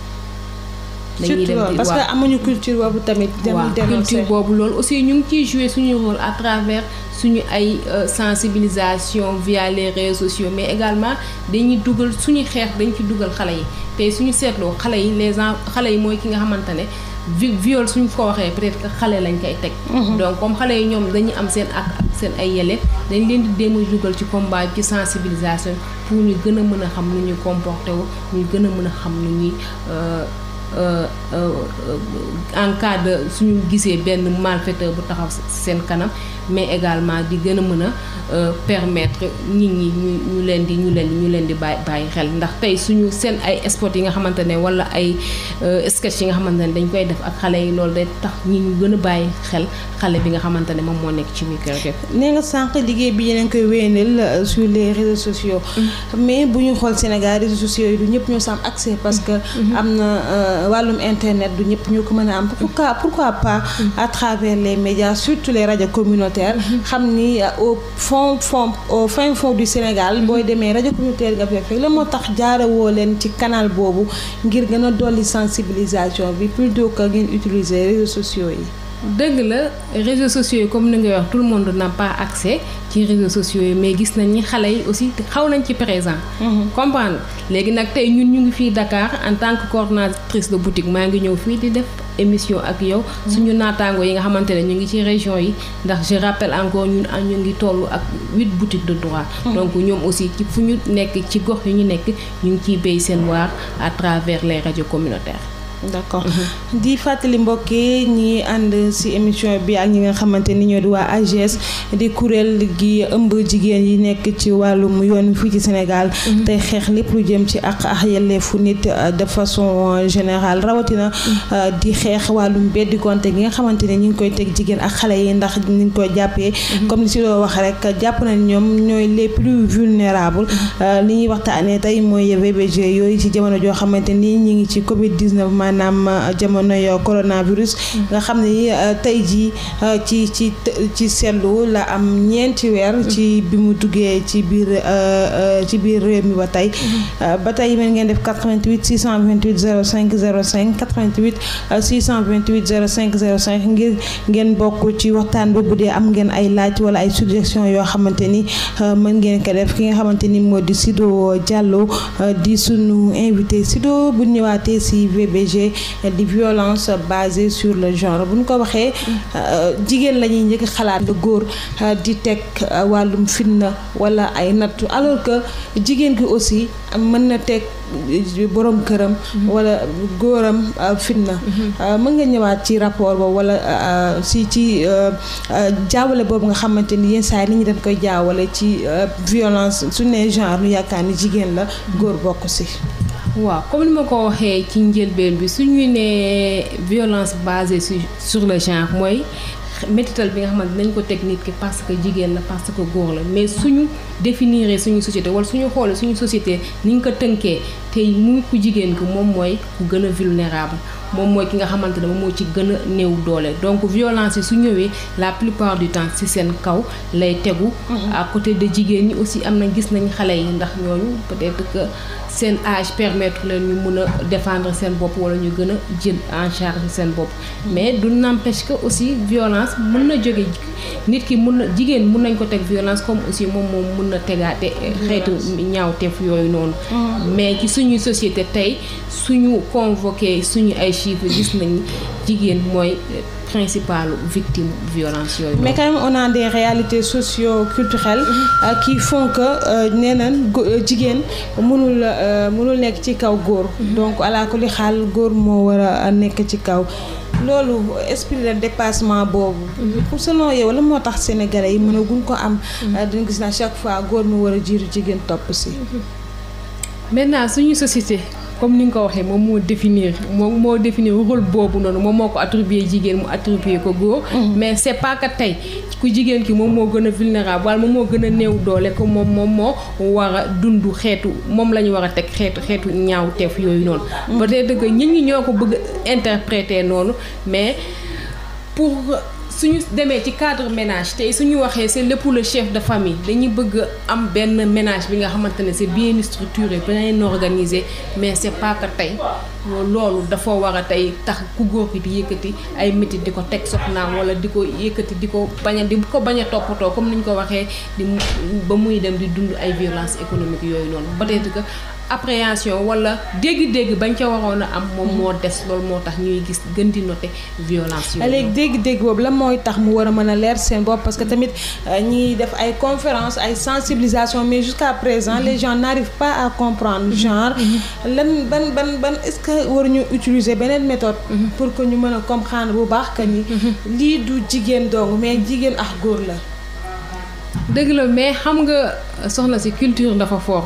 dañuy dem di parce que amuñu culture boobu tamit. dem culture boobu loolu aussi ñu ngi ciy jouer suñu rôle à travers suñu ay euh, sensibilisation via les réseaux sociaux mais également dañuy dugal suñu xeex dañ ci dugal xale yi te suñu seetloo xale yi les gens xale yi mooy ki nga xamante ne. viol suñ ko waxee peut-être que xale lañ koy teg mhm. donc comme xale yi ñoom dañu am seen ak ak seen ay yelleef dañ leen di déem a dugal ci combat ci sensibilisation pour ñu gën a mën a xam nu ñuy comporté wu ñu gën a mën a xam nu ñuy euh, Euh, euh, en cas suñu gisee benn malfaiteur bu taxaw seen kanam mais également di gën a mën a euh, permettre nit ñi ñu ñu leen di ñu leen di leen di bàyyi bàyyi xel ndax tey suñu seen ay spots yi nga xamante ne wala ay sketch yi nga xamante ne dañ koy def ak xale yi loolu day tax nit ñu gën a bàyyi xel xale bi nga xamante ne moom moo nekk ci micro bi. nee nga sànq liggéey bi yéen koy wéyandeel sur les réseaux sociaux. Mm. mais bu ñu xool Sénégal réseaux sociaux yi du ñëpp ñoo sam accès parce que mm. mm-hmm. am na. Euh, wàllum internet du ñëpp ñoo ko mën a am pourquoi pourquoi pas mm-hmm. à travers les médias surtout les rajo communautaires mm-hmm. xam ni euh, au fond fond au fin fond du Sénégal booy mm-hmm. demee rajo communautaire nga fekk la moo tax jaarewoo leen ci canal boobu ngir gën a dolli sensibilisation bi plutôt que ngeen utiliser réseaux sociaux yi dëgg la réseaux sociaux yi comme ni ngay wax tout le monde n'a pas ci réseaux sociaux yi mais gis nañ ni xale yi aussi xaw nañ ci présent. Mhm. comprendre léegi nag tey ñun ñu ngi fii dakaar en tant que coordonnatrice de boutique maa ngi ñëw fii di def émission ak yow. Mhm. suñu naataangoo yi nga xamante ne ñu ngi ci région yi ndax je rappelle encore ñun ñu ngi toll ak huit boutiques de droit. Mhm. donc ñoom aussi fu ñu nekk ci gox yi ñu nekk ñu ngi ciy béy seen waar à travers les radios communautaires. d' accord mhm. di fàttali mbokk yi ñi ànd si émission bi ak ñi nga xamante ni ñoo di waa AGS di kuréel gi ëmb jigéen yi nekk ci wàllum yoon fii ci Sénégal. Mhm. tey xeex lépp lu jëm ci ak ak yelleefu nit euh, de façon euh, générale rawatina mhm. euh, di xeex wàllum beddi konte gi nga xamante ni ñu ngi koy teg jigéen ak xale yi ndax ñu ngi koy jàppee. comme ni si loo wax rek jàpp nañ ñoom ñooy les plus li ñuy waxtaanee tey mooy VBG yooyu ci jamono joo xamante ni ngi ci maanaam euh, jamono yo euh, coronavirus mm. nga xam ne euh, tey jii ci ci ci seetlu la am ñeenti weer mm. ci bi mu duggee ci biir ci biir réew mi ba tey mm. ba tey mën ngeen def 88 628 05 05 88 628 05 05 ngir ngeen bokk ci waxtaan bi bu dee am ngeen ay laaj wala ay suggestion yoo xamante ni mën ngeen ko def ki nga xamante ni moo di sidoo Diallo di sunu invité Sido bu ñëwaatee si VBG di violence basée sur le genre bu ñu ko waxee euh, jigéen la ñuy njëkk xalaat la góor euh, di teg euh, wàllum fitna wala ay nattu alors que jigéen gi aussi mën na teg borom këram mhm. wala góoram fitna mhm. mën nga ñëwaat ci rapport boobu wala si ci jaawale boobu nga xamante ni yenn saa ni ñu ñi koy jaawale ci violence su ne genre nu yaakaar ni jigéen la mhm. góor bokk si waaw comme ni ma ko waxee ci njëlbeen bi suñu ne violence su sur le genre mooy métital bi nga xamante nañ ko teg nit ki parce que jigéen la parce que góor la mais suñu définir suñu société wala suñu xoolee suñu société ni ñu ko tënkee tey muy ku jigéen ki moom mooy ku gën a vulnérable moom mooy ki nga xamante ne moom moo ci gën a néew doole donc violence yi su ñëwee la plupart du temps ci seen kaw lay tegu. Mm-hmm. à côté de jigéen ñi aussi am na gis nañ xale yi ndax ñooñu peut seen âge permettre leen ñu mun a défendre seen bopp wala ñu gën a jël en charge seen bopp mais du n'empêche que aussi violence mën na jóge nit ki mun na jigéen mun nañ ko teg violence comme aussi moom moom mun na tegaate xeetu ñaawteef yooyu noonu mm. mais ci suñuy société tey suñu convoqué suñu ay chiffres gis nañ jigéen mooy principales victimes violence yooyu. mais quand même on a des réalités socio-culturelles. Mm-hmm. Euh, qui font que euh, nee nañ euh, jigéen mënul euh, mënul nekk ci kaw góor. Mm-hmm. donc alaa kulli xaal góor moo war a nekk ci kaw. loolu esprit de dépassement boobu. Mm-hmm. pour selon yow la moo tax sénégale yi mën a gun ko am. dañu gis na chaque fois góor mu war a jiitu jigéen topp si. maintenant suñu société. comme ni nga ko waxee moom moo définir moom moo définir rôle boobu noonu moom moo ko attribué jigéen mu attribué ko góor. Mm-hmm. mais c'est pas que tey ku jigéen ki moom moo gën a vulnérable wala moom moo gën a néew doole ko moom moom moo war a dund xeetu moom la ñu war a teg xeetu xeetu ñaaw teef yooyu noonu. Mm-hmm. peut-être que ñi ñoo ko bëgg interpréter noonu mais pour. suñu demee ci cadre ménage tey ñu waxee c'est lépp le chef de famille dañuy bëgg am benn ménage bi nga xamante ne c'est bien structuré bien organisé mais c'est pas que tey loolu dafa war a tey tax ku góor gi di ay métit di ko teg soxnaam wala di ko yëkkati di ko bañ a di ko bañ a toppatoo comme ni ñu ko waxee di ba muy dem di dund ay violence économique yooyu noonu peut-être que appréhension wala dégg-dégg bañ ca waroon a am moom moo des loolu moo tax ñuy gis gën di noter violence yooyu léegi dégg-dégg boobu la mooy tax mu war a mën a leer seen bopp parce que tamit euh, ñiy def ay conférence ay sensibilisation mais jusqu'à présent les gens n'arrivent pas à comprendre mhm. genre mhm. lan ban ban ban est-ce que waruñu utiliser beneen méthode mhm. pour que ñu mën a comprendre bu baax que ni lii du jigéen dong mais jigéen ax góor la dëgg mais xam nga soxna si culture dafa fort.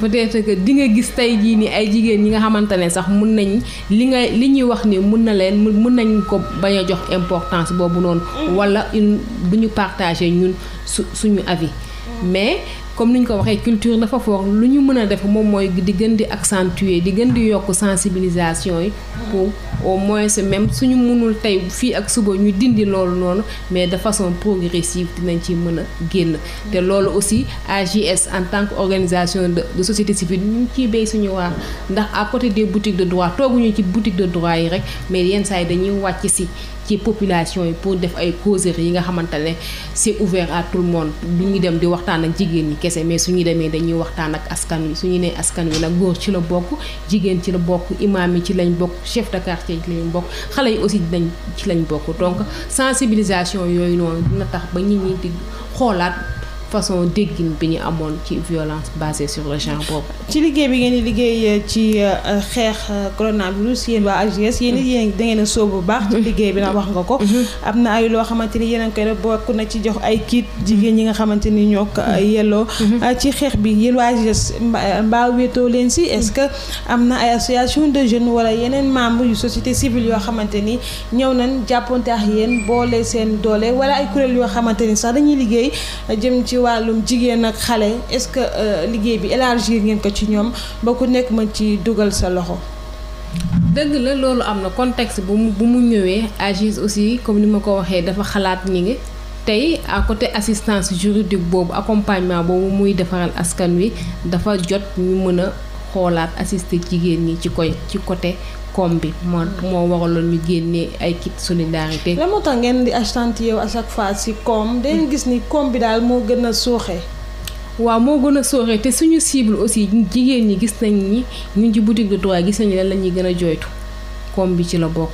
peut que di nga gis tey jii nii ay jigéen ñi nga xamante ne sax mun nañ li nga li ñuy wax ni mun na leen mun nañ ko bañ a jox importance boobu noonu. Mm. wala une bu ñu partagé ñun su suñu avis. Mm. mais comme ni ñu ko waxee culture dafa foor lu ñu mën a def moom mooy di gën di accentuer di gën di yokk sensibilisation yi pour au moins même suñu mënul tey fii ak suba ñu dindi loolu noonu mais de façon progressive dinañ ci mën a génn te loolu aussi AJS en tant que organisation de de société civile ñu ciy béy suñu waar ndax à côté des boutiques de droit tooguñu ci boutique de droit yi rek mais yenn saa yi dañuy wàcc si ci population yi pour def ay causeries yi nga xamante ne c'est ouvert à tout le monde du ñu dem di waxtaan ak jigéen ñi kese mais su ñu demee dañuy waxtaan ak askan wi su ñu nee askan wi nag góor ci la bokk jigéen ci la bokk imaam yi ci lañ bokk chef de quartier ci lañ bokk xale yi aussi dinañ ci lañ bokk donc sensibilisation yooyu noonu dina tax ba nit ñi di xoolaat. façon déggin bi ñu amoon ci violence basée sur le genre boobu. ci liggéey bi ngeen di liggéey euh, ci euh, xeex euh, coronavirus yéen waa AJS yéen it mm-hmm. yéen da ngeen a sóobu bu baax. ci mm-hmm. liggéey bi wax nga ko. Mm-hmm. am na ay loo xamante ni yéen a ngi bokk na ci jox ay kiit jigéen ñi nga xamante ni ñoo ko yelloo. ci xeex bi yéen waa AJS mbaa wéetoo leen si est-ce que am na ay association de jeune wala yeneen membres yu société civile yoo xamante ni ñëw nañ jàppante ak yéen boole seen doole wala ay kuréel yoo xamante ni sax dañuy liggéey jëm ci. wàllum jigéen ak xale est-ce que euh, liggéey bi élargie ngeen ko ci ñoom ba ku nekk ma ci dugal sa loxo. dëgg la loolu am na contexte bu mu bu mu ñëwee AGIS aussi comme ni ma ko waxee dafa xalaat ñi ngi tey à côté assistance juridique boobu accompagnement boobu muy defaral askan wi dafa jot ñu mën xoolaat assister jigéen ñi ci koy ci côté koom bi moo moo waraloon ñu génnee ay kit solidarité. la moo tax ngeen di accentuer yow à chaque fois si koom dañu gis ni koom bi daal moo gën a sooxe. waaw moo gën a sooxe te suñu cible aussi jigéen ñi gis nañ ni ñun ci boutique de droit gis nañu lan la ñuy gën a jooytu koom bi ci la bokk.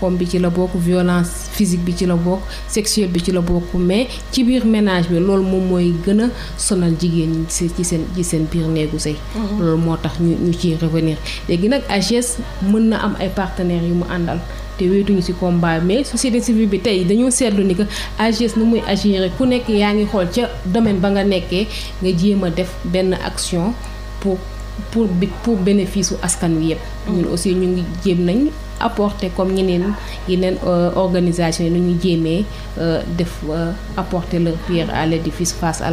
comme bi ci la bokk violence physique bi ci la bokk sexuelle bi ci la bokk mais ci biir ménage bi loolu moom mooy gën a sonal jigéen ñi ci seen ci seen biir néegu sëy mhm. loolu moo tax ñu ñu ciy revenir léegi nag AJS mën na am ay partenaires yu mu àndal te wéetuñu ci combat mais société civile bi tey dañoo seetlu ni que AJS nu muy agir ku nekk yaa ngi xool ca domaine ba nga nekkee nga jéem a def benn action pour pour pour bénéfice u askan wi yëpp. Mm. aussi ñu ngi jéem nañ apporté comme ñeneen yeneen euh, organisation yi nu ñu jéemee euh, def euh, apporter leur pierre à l'édifice face à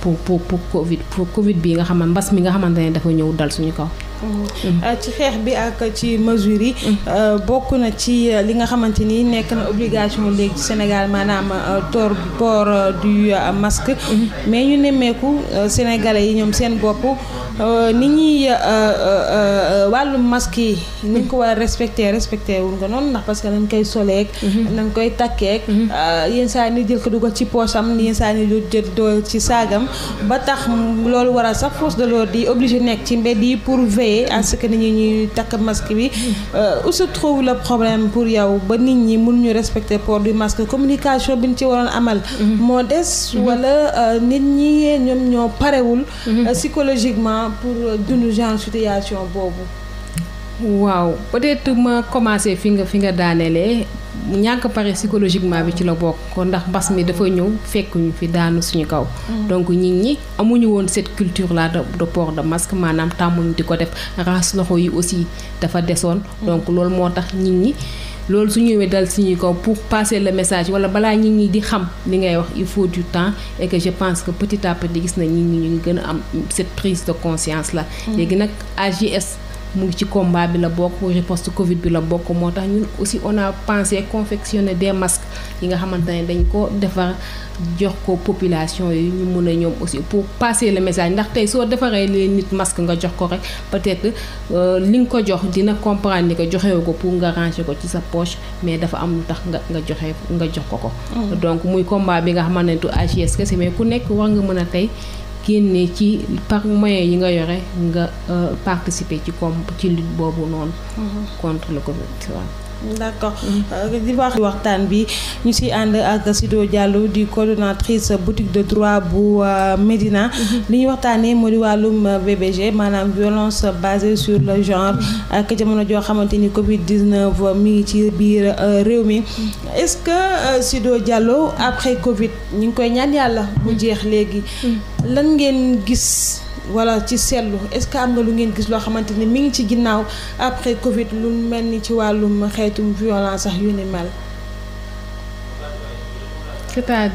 pour pour pour Covid pour Covid bi nga xam mbas mi nga xamante ne dafa ñëw dal suñu kaw. Euh, ci xeex bi ak ci mesures yi. Euh, bokk na ci euh, li nga xamante ni nekk na obligation léegi ci Sénégal maanaam tor port du masque. Mm-hmm. mais ñu nemmeeku sénégalais yi ñoom seen bopp ni ñuy wàllum masque yi. ni ñu ko war a respecté respecté wuñ ko noonu ndax parce que nañ koy soleek. nañ mm-hmm. koy takkeek. Mm-hmm. yenn saa ni jël ko dugal ci poosam yenn saa ni du jël dool ci saagam ba tax loolu war sax force de l'ordre di nekk ci mbedd yi pour veiller. veiller à ce que nit ñi ñuy takk masque bi euh, où se trouve le problème pour yow ba nit ñi mun ñu respecter port du masque communication bi ñu ci waroon amal mm-hmm. moo des mm-hmm. wala euh, nit ñi ñoom ñoo parewul mm-hmm. euh, psychologiquement pour dund genre situation boobu waaw peut-être ma commencé fi nga fi nga daanelee ñàkk pare psychologiquement bi ci la bokk kon ndax mbas mi dafa ñëw fekk ñu fi daanu suñu kaw. Mm. donc nit ñi amuñu woon cette culture la de port de masque maanaam tàmmuñu di ko def raxas loxo yi aussi dafa desoon. Mm. donc loolu moo tax nit ñi. loolu su ñëwee dal suñu kaw pour passer le message wala balaa nit ñi di xam li ngay wax il faut du temps et je pense que petit à petit gis na nit ñi ñu ngi gën a am cette prise de conscience la mm. léegi nag ags mu ngi ci combat bi la bokk riposte Covid bi la bokk moo tax ñun aussi on a pensé confectionner des masques yi nga xamante ne dañ ko defar jox ko population yi ñu mun a ñoom aussi pour passé la message ndax tey soo defaree leen nit masque nga jox ko rek peut-être euh, li nga ko jox dina comprendre ni que joxewu ko pour nga ranger ko ci sa poche mais dafa am lu tax nga nga joxe nga jox ko ko. Mm. donc muy combat bi nga xamante ne du AJS kese mais ku nekk war nga mën a génne ci par moye yi nga yore nga euh, participer ci comme ci lutte boobu noonu mm-hmm. contre le d' accord euh, di wax waxtaan bi ñu si ànd ak Sido Diallo di coordonnatrice boutique de droit bu euh, Médina mm-hmm. li ñuy waxtaanee moo di wàllum VBG maanaam violence basée sur le genre mm-hmm. ak jamono joo xamante ni Covid 19 mi ngi ci biir euh, réew mi mm-hmm. est ce que Sido Diallo après Covid ñu ngi koy ñaan yàlla mu jeex léegi lan ngeen gis. wala ci seetlu est am nga lu ngeen gis loo xamante ni mi ngi ci ginnaaw après Covid lu mel ni ci wàllum xeetum violence sax yu ni mel. cest à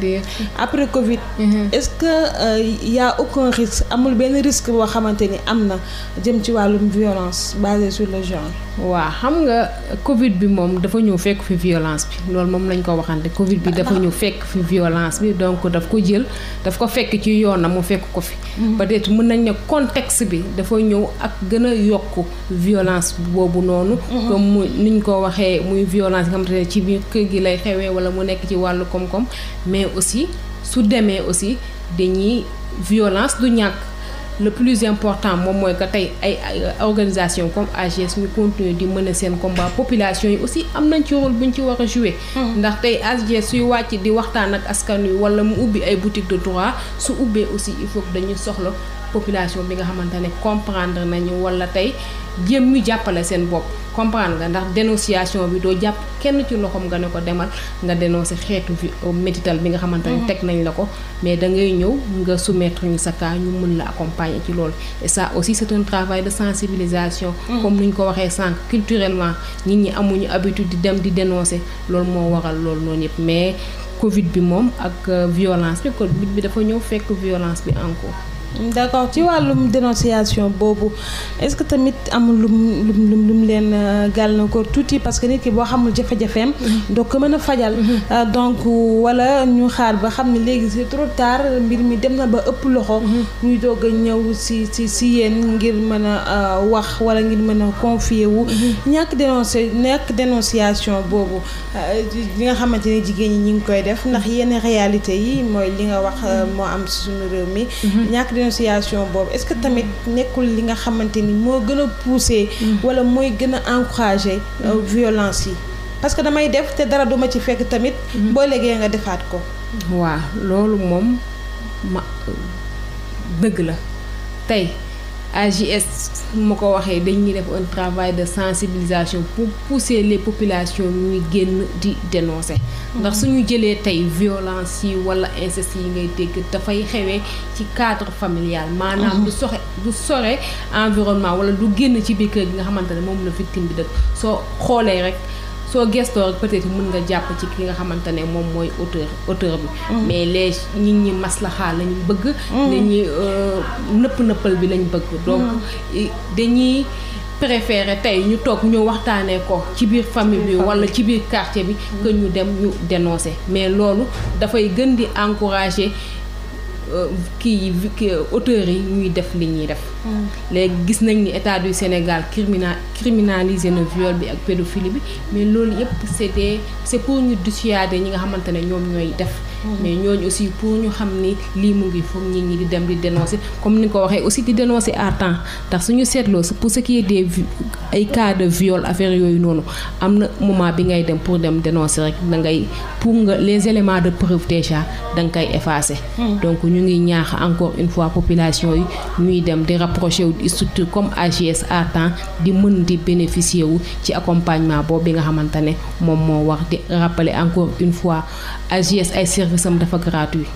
après Covid. Mm-hmm. est-ce que euh, y a aucun amul benn risque boo xamante ni am na jëm ci wàllum violence basée sur le genre. waaw xam nga Covid bi moom dafa ñëw fekk fi violence bi loolu moom lañ ko waxante Covid bi dafa ñëw fekk fi violence bi donc daf ko jël daf ko fekk ci yoonam mu fekk ko fi. Mm-hmm. peut-être mën nañ ne contexte bi dafa ñëw ak gën a yokk violence boobu noonu. Mm-hmm. comme mu niñ ko waxee muy violence nga xamante ne ci biir kër gi lay xewee wala mu nekk ci wàllu koom-koom. mais aussi su demee aussi dañuy violence du ñàkk le plus important moom mooy que tey ay organisation comme AGS suñu continuer di mën a seen combat population yi aussi am nañ ci rôle bu ci war a jouer ndax tey AGS suy wàcc di waxtaan ak askan wi wala mu ubbi ay boutique de droit su ubbee aussi il faut dañuy soxla population bi nga xamante ne comprendre nañu wala tey jéem ñu jàppale seen bopp comprendre nga ndax dénonciation bi doo jàpp kenn ci loxoom nga ne ko demal nga dénoncé xeetu fi euh, métital bi nga xamante ne mhm. teg nañ la ko mais da ngay ñëw nga soumettre ñu sa cas ñu mën la accompagner ci lool et ça aussi c'est un travail de sensibilisation mhm. comme ni ñu ko waxee sànq culturellement nit ñi amuñu habitude di dem di dénoncer loolu moo waral loolu noonu yëpp mais Covid bi moom ak euh, violence bi Covid bi dafa ñëw fekk violence bi en d' accord ci wàllum dénonciation boobu est ce que tamit amul lum lum lum leen euh, gàllankoor tuuti parce que nit ki boo xamul jafe-jafeem. Mm-hmm. doo ko mën a fajal. Mm-hmm. Euh, donc wala ñu xaar ba xam ne léegi c' est trop tard mbir mi dem na ba ëpp loxo. Mm-hmm. ñuy doog a ñëw si si si yéen ngir mën a euh, wax wala ngir mën a confier wu. ñàkk dénoncé ñàkk dénonciation boobu li nga xamante ne jigéen ñi ñu ngi koy def ndax yenn réalité yi mooy li nga wax moo am suñu réew mi. dénonciation boobu est-ce que tamit nekkul li nga xamante ni moo gën a poussé. Mm. wala mooy gën a encouragé euh, mm. violence yi parce que damay def te dara duma ci fekk tamit. Mm. boo léegee nga defaat ko. waaw loolu moom ma dëgg la tey. AJS ma ko waxee dañuy def un travail de sensibilisation pour pousser les populations ñuy génn di dénoncer. ndax mm-hmm. suñu jëlee tey violence yi wala inceste yi ngay dégg dafay xewee ci cadre familial. maanaam mm-hmm. du soxe du sore environnement wala du génn ci biir kër gi nga xamante ne moom la victime bi dëkk soo xoolee rek. soo gestoo peut-être mën nga jàpp ci ki nga xamante ne moom mooy auteur auteur bi. Mm. mais les nit ñi maslaxa lañ bëgg. dañuy mm. euh, nëpp nëppal bi lañ bëgg. donc mm. dañuy préféré tey ñu toog ñu waxtaanee ko ci biir famille bi wala ci biir quartier bi. que ñu dem ñu dénoncer mais loolu dafay gën di encourager. kii yi auteurs yi ñuy def li ñuy def. Hmm. léegi gis nañ ni état du Sénégal criminal criminalisé na viol bi ak pédophilie bi mais loolu yëpp c'était c'est pour ñu dissuader ñi nga xamante ne ñoom ñooy def. mais ñooñu aussi pour ñu xam ni lii mu ngi foog nit ñi di dem di dénoncer comme ni ko waxee aussi di dénoncer à temps ndax suñu seetloo pour ce qui est des ay cas de viol affaire yooyu noonu am na moment bi ngay dem pour dem dénoncer rek da ngay pour nga les éléments de preuve déjà da nga koy effacer. Hmm. donc ñu ngi ñaax encore une fois population yi ñuy dem di rapprocher wu structure comme AGS à temps di mën di bénéficier wu ci accompagnement boobu bi nga xamante ne moom moo wax di rappeler encore une fois AGS service am dafa gratuit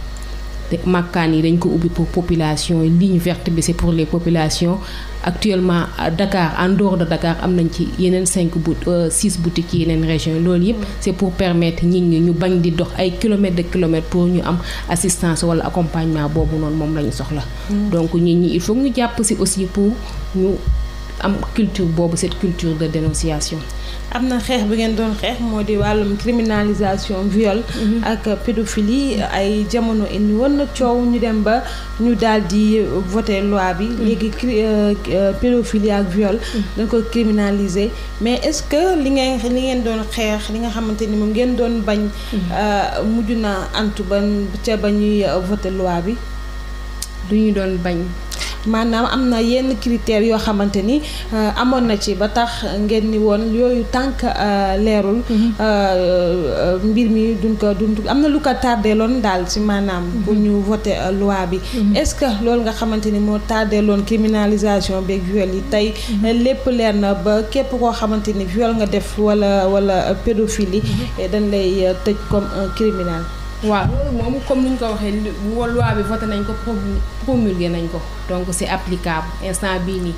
te makkaan yi dañ ko ubbi pour population verte bi c'est pour les populations actuellement à Dakar en dehors da Dakar am nañ ci yeneen cinq bout euh, six boutiques yi yeneen région loolu yëpp c'est pour permettre ñi ñi ñu bañ di dox ay kilomètres de kilomètres pour ñu am assistance wala accompagnement boobu noonu moom la ñu soxla mm. donc nit ñi il faut ñu jàpp si aussi pour ñu am culture boobu cette culture de dénonciation. am na xeex bi ngeen doon xeex moo di wàllum criminalisation viol. Mhm. ak pédophilie ay jamono indi woon na coow ñu dem ba ñu daal di voté loi bi. Mhm. léegi euh, euh, pédophilie ak viol. Mhm. dañ ko criminaliser mais est-ce que li ngeen ngeen doon xeex li nga xamante ni moom ngeen doon bañ. Euh, mujj na antu ba ca ba ñuy voté loi bi. duñu doon bañ. maanaam am na yenn critères yoo xamante ni euh, amoon na ci ba tax ngeen ni woon yooyu tànk euh, leerul. Mhm. Euh, mbir mi duñ ko am na lu ko tardé loon daal ci maanaam. bu mhm. ñu voter loi bi. Mhm. est-ce que loolu nga xamante ni moo tardé loon criminalisation beeg viol yi tey. lépp leer na ba képp koo xamante ni viol nga def wala wala pédophilie dañ lay tëj comme un criminel. waaw moom comme ni ñu ko waxee loi bi voté nañ ko promulgué nañ ko donc c'est applicable instant bii nii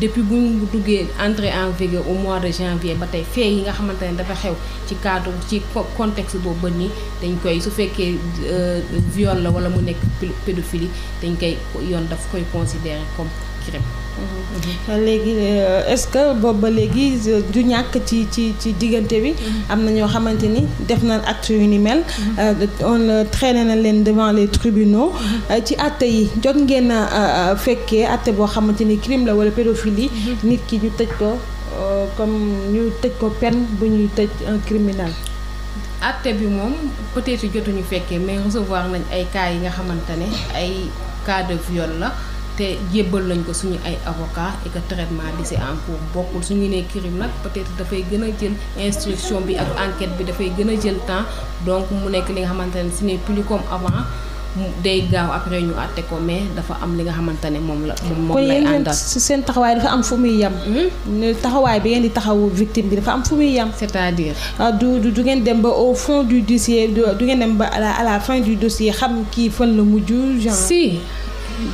depuis bu ñu duggee entre en vigueur au mois de janvier ba tey fee yi nga xamante ne dafa xew ci cadre ci contexte boobu ba nii dañ koy su fekkee euh, viol la wala mu nekk pédophilie dañ koy yoon daf koy considérer comme crime Euh, léegi euh, est-ce que boobu ba léegi du ñàkk ci ci ci diggante bi. Mm-hmm. am na ñoo xamante ni def na acte yu ni mel. Mm-hmm. Euh, on traîné na leen devant les tribunaux. Mm-hmm. ci àtte yi jot ngeen a fekkee àtte boo xamante ni crime la walla pédophilie. nit ki ñu tëj ko comme ñu tëj ko peine bu ñuy tëj un criminel. àtte bi moom peut-être jotuñu fekkee mais recevoir nañ ay kaa yi nga xamante ne ay cas de viol la. te jébbal lañ ko suñu ay avocat et traitement bi si en cours bokkul suñu nee crime nag peut-être dafay gën a jël instruction bi ak enquête bi dafay gën a jël temps donc mu nekk li nga xamante ne si ne avant day gaaw après ñu àtte mais dafa am li nga xamante ne moom la. moom lay àndal kon seen taxawaay dafa am fu muy yem. Hmm? taxawaay bi ngeen di taxawu victime bi dafa am fu muy yem. c'est-à-dire. Ah, du du ngeen dem ba au fond du dossier du ngeen dem ba à la fin du dossier xam kii fan la mujj genre. si.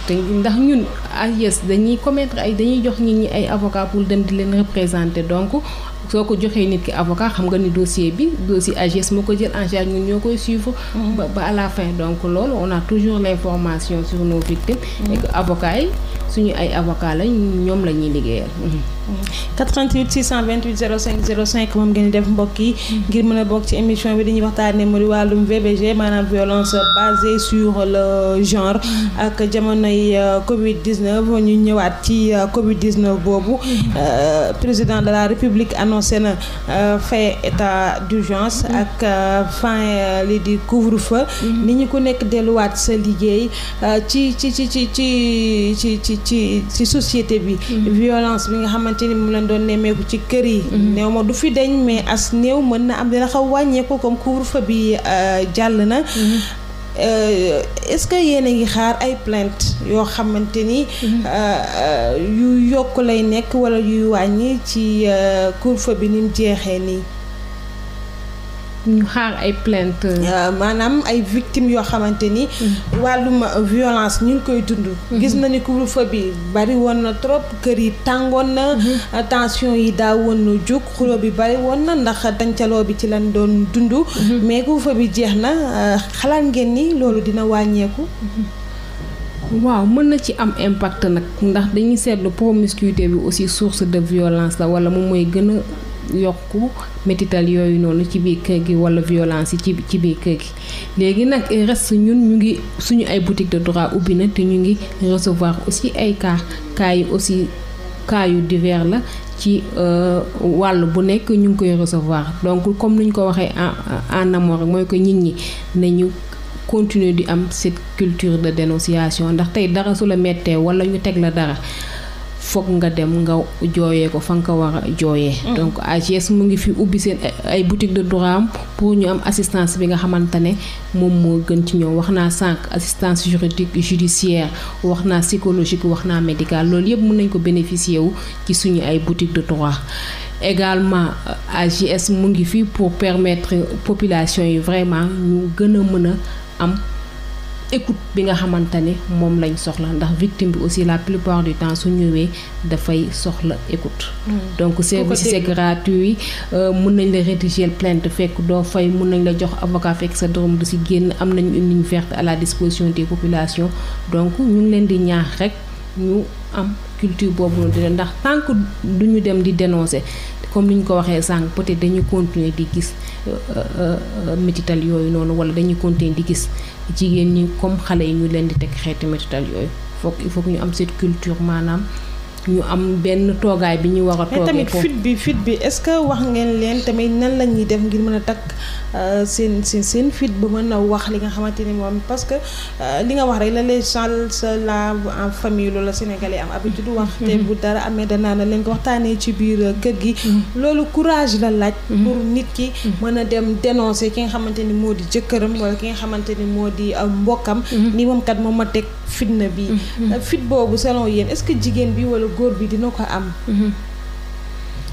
te ndax ñun AIS dañuy commettre ay dañuy jox nit ñi ay avocat pour dem di leen représenter donc soo ko joxee nit ki avocat xam nga ni dossier bi dossier AGS moo ko jël en charge ñun ñoo koy suivre. Mm-hmm. ba ba à la fin donc loolu on a toujours l' information sur nos victimes. Mm-hmm. et que avocats yi suñu ay avocats lañ ñoom la ñuy liggéeyal. 88 628 05 05 moom ngeen def mbokk yi. Mm-hmm. ngir mën a bokk ci émission bi dañuy waxtaanee mu di wàllum VBG maanaam violence basée sur le genre. ak jamonoy euh, Covid 19 ñu ñëwaat ci euh, Covid 19 boobu. Euh, président de la République am annoncé na euh, fin état d'urgence mm-hmm. ak euh, fin euh, li di couvre-feu mm-hmm. nit ñi ku nekk delluwaat sa liggéey ci ci ci ci ci ci ci ci ci société bi mm-hmm. violence bi nga xamante ni mu leen doon nemmeeku ci kër yi néew ma du fi dañ mais as néew mën na am dina xaw wàññeeku comme couvre-feu bi jàll na Euh, est-ce que yéen a ngi xaar ay plainte yoo xamante ni. Mm-hmm. Euh, euh, yu yokk lay nekk wala yuy wàññi ci couvre-feu bi nim jeexee nii. ñu xaar ay plainte euh, maanaam ay victimes yoo xamante ni mm. wàllum euh, violence ñu ngi koy dund mm-hmm. gis nañu couvre-feu bi bari woon na trop kër yi tàngoon na mm-hmm. euh, tension yi daa woon na jóg xuloo bi bari woon na ndax dancaloo bi ci lan doon dund mm-hmm. mais couvre-feu bi jeex na xalaat ngeen ni loolu dina wàññeeku waaw mën na ci am impact nag ndax dañuy seetlu promiscuité bi aussi source de violence la wala moom mooy gëna yokku métital yooyu noonu ci biir kër gi wala violence yi ci ci biir kër gi léegi nag reste ñun ñu ngi suñu ay boutique de droit ubbi na te ñu ngi recevoir aussi ay cas cas aussi cas yu divers la ci euh, wàll bu nekk ñu ngi koy recevoir donc comme ni ñu ko waxee en en amont mooy ko nit ñi nañu continuer di am cette culture de dénonciation ndax tey dara su la mettee wala ñu teg la dara. foog nga dem nga jooyee ko fa nga ko war a jooyee. Mm. donc AJS mu ngi fi ubbi seen ay boutique de droit am pour ñu am assistance bi nga xamante ne moom moo gën ci ñoom wax naa sànq assistance juridique judiciaire wax naa psychologique wax naa médicale loolu yëpp mën nañ ko bénéficier wu ci suñu ay boutique de droit. également AJS mu ngi fi pour permettre population yi vraiment ñu gën a mën a am. écoute bi nga xamante ne moom lañ soxla ndax victime bi aussi la plupart du temps su ñëwee dafay soxla écoute. Hmm. donc service yi gratuit euh, mun nañ la rédiger plainte fekk doo fay mun nañ la jox avocat fekk sa doom du si génn am nañu une ligne à la disposition des populations donc ñu ngi leen di ñaax rek ñu am culture boobu noonu ndax tant que du ñu dem di dénoncer. comme ni ñu ko waxee sànq peut dañuy continuer di gis euh, euh, euh, métital yooyu noonu wala dañuy continuer di gis jigéen ñi comme xale yi ñu leen di teg xeeti métital yooyu foog il faut ñu am cette culture maanaam ñu am benn toogaay bi ñu wax a. toogee tamit fit bi fit bi est-ce que wax ngeen leen tamit nan la ñuy def ngir mën a takk euh, seen seen seen fit ba mën a wax li nga xamante ni moom parce que euh, li nga wax rek la les gens se lavent en famille loolu la Sénégalais am habitude mm-hmm. wax. te bu dara amee danaa na leen ko waxtaanee ci biir euh, kër gi. Mm-hmm. loolu courage la laaj. Mm-hmm. pour nit ki mën a dem dénoncer ki nga xamante ni moo di jëkkëram wala ki nga xamante ni moo di mbokkam. ni moom kat moom ma teg fitna bi. fit boobu selon yéen est jigéen bi wala. góor bi dina ko am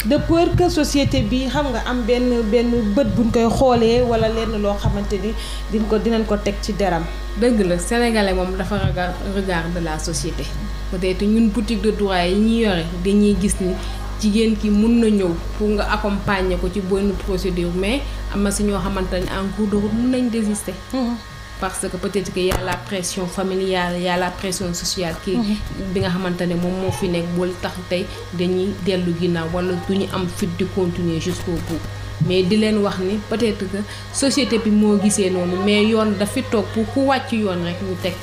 de peur que société bi xam nga am benn benn bët buñ koy xoolee wala lenn loo xamante ni diñ ko dinañ ko teg ci deram dëgg la sénégalais moom dafa ragal regard de la société peut-être ñun boutique de droit yi ñuy yore dañuy gis ni jigéen ki mun na ñëw pour nga accompagner ko ci bonne procédure mais am na si ñoo xamante ne en cours mun nañ désister mm-hmm. parce que peut-être que y la pression familiale y a la pression sociale. ki mhm. bi nga xamante ne moom moo fi nekk bool tax tey dañuy dellu ginnaaw wala du ñu am fit di continuer jusqu'au bout. mais di leen wax ni peut-être que société bi moo gisee noonu mais yoon dafi toog pour ku wàcc yoon rek ñu teg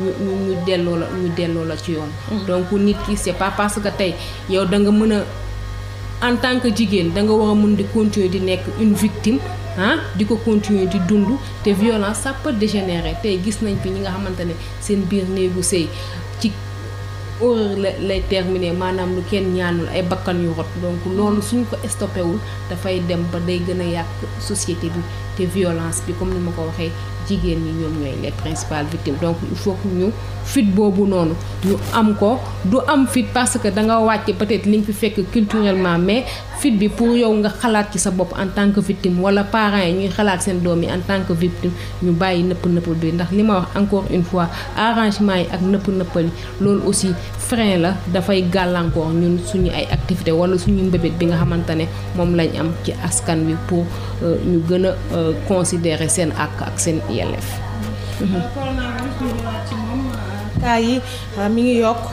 ñu ñu delloo la ñu delloo la ci yoon. Mhm. donc nit ki c'est pas parce que tey yow da nga mën a en tant que jigéen da nga war a mën di continuer di nekk une victime. ah di ko continuer di dund te violence ça peut rek tey gis nañ fi ñi nga xamante ne seen biir néegu sëy ci horreur la lay terminer maanaam lu kenn ñaanul ay bakkan yu rot donc loolu suñ ko stoppé wul dafay dem ba day gën a yàq société bi te violence bi comme ni ma ko waxee jigéen ñi ñoom ñooy les principales victimes donc il faut ñu fit boobu noonu ñu am ko du am fit parce que da nga wàcc peut-être li fi fekk culturellement mais fit bi pour yow nga xalaat ci sa bopp en tant que victime wala parents yi ñuy xalaat seen doom yi en tant que victime ñu bàyyi nëpp nëpp bi ndax li ma wax encore une fois arrangement yi ak nëpp nëppali loolu aussi frein la dafay gàllankoor ñu suñu ay activité wala suñu mbébét bi nga xamante ne moom lañ am ci askan wi pour euh, ñu gën a euh, considérer seen àq ak seen yelleef. yi euh, yokk.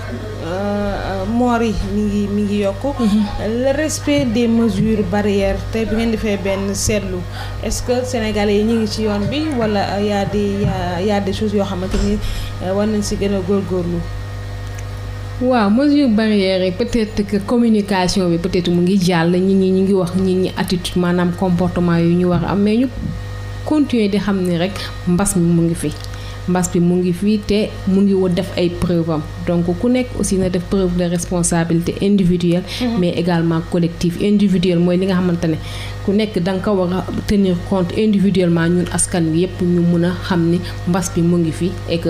Euh, euh, moor yi mi ngi mi ngi yokk mhm. le respect des mesures barrières te bi ngeen defee benn seetlu est-ce que sénégalais yi ñu ngi ci yoon bi wala euh, yaa di yaa des choses yoo xamante ni war nañ si gën a góorgóorlu waaw mesure barrière yi peut-être communication bi peut-être mu ngi jàll ñi ñi ñu ngi wax nit ñi attitude maanaam comportement yu ñu war a am mais ñu continuer di xam ni rek mbas mi mu ngi fi mbas bi mu ngi fii te mu ngi woo def ay preuve am donc ku nekk aussi na def preuve de responsabilité individuelle mhm. mais également collective individuelle mooy li nga xamante ne ku nekk da nga ko war a tenir compte individuellement ñun askan wi yëpp ñu mun a xam ni mbas bi mu ngi fii et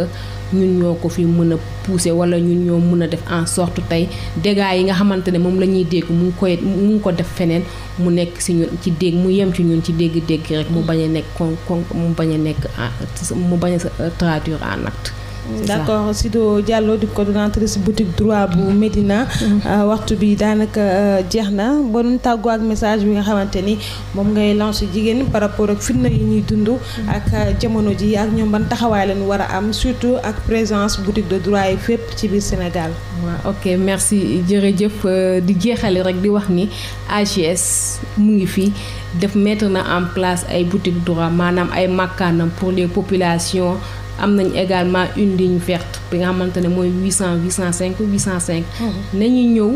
ñun ñoo ko fi mën a pousser wala ñun ñoo mën a def en sorte tey dégâts yi nga xamante ne moom la ñuy dégg mu koy mu ngi ko def feneen mu nekk si ñun ci dégg mu yem ci ñun ci dégg-dégg rek mu bañ a nekk kon kon mu bañ a nekk mu bañ a traduire en acte d'accord Sido jàlloo di coordonnatrice boutique droit bu Médina. Mhm. Euh, waxtu bi daanaka euh, jeex na ba doon tàggoo ak message bi nga xamante ni moom ngay lancé jigéen par rapport ak fitna yu ñuy dund. Mhm. ak euh, jamono ji ak ñoom ban taxawaay leen war a am surtout ak présence boutique de droit yi fépp ci biir Sénégal. waaw ok merci jërëjëf di jeexale rek di wax ni AGS mu ngi fi def mettre na en place ay boutique droit maanaam ay makkaanam pour les populations. am nañ également une ligne verte bi nga xamante ne mooy 800 805 805. nañu ñëw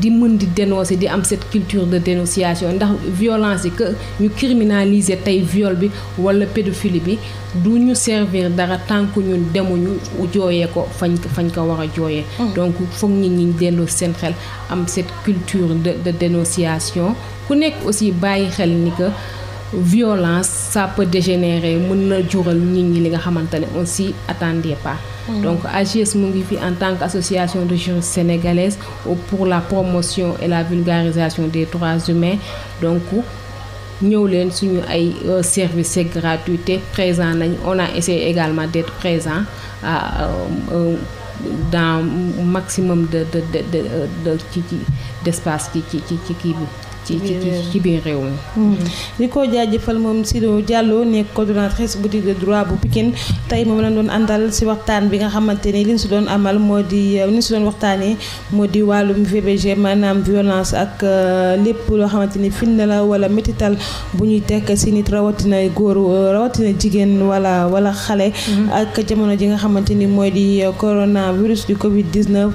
di mën di dénoncer di am cette culture de dénonciation ndax violence yi que ñu criminaliser tey viol bi walla pédophilie bi du ñu servir dara tant que ñun demuñu jooyee ko fañ fañ ko war a jooyee. Hmm. donc foog nit ñu delloo seen xel am cette culture de de dénonciation ku nekk aussi bàyyi xel ni que. violence ça peut dégénérer mën na jural nit ñi li nga xamante ne on s'y attendait pas. Mm. donc AJS mu ngi fi en tant association de jeunes sénégalaises pour la promotion et la vulgarisation des droits humains donc ñëw leen suñu ay euh, services c'est gratuit te présent nañ on a essayé également d'être présent à euh, euh, dans maximum de de de de de ci ci d'espace ci ci ci kii bi. ci ci ci réew mi. Mm. di ko jaajëfal moom Sido Diallo nekk coordonnatrice boutique de droit bu Pikine tey moom lañ doon àndal si waxtaan bi nga xamante ni liñ si doon amal moo di euh, liñ si doon waxtaanee moo di wàllum VBG maanaam violence ak euh, lépp loo xamante ni fitna la wala métital bu ñuy tekk si nit rawatina góor euh, rawatina jigéen wala wala xale. Mm-hmm. ak jamono ji nga xamante ni mooy di coronavirus du Covid 19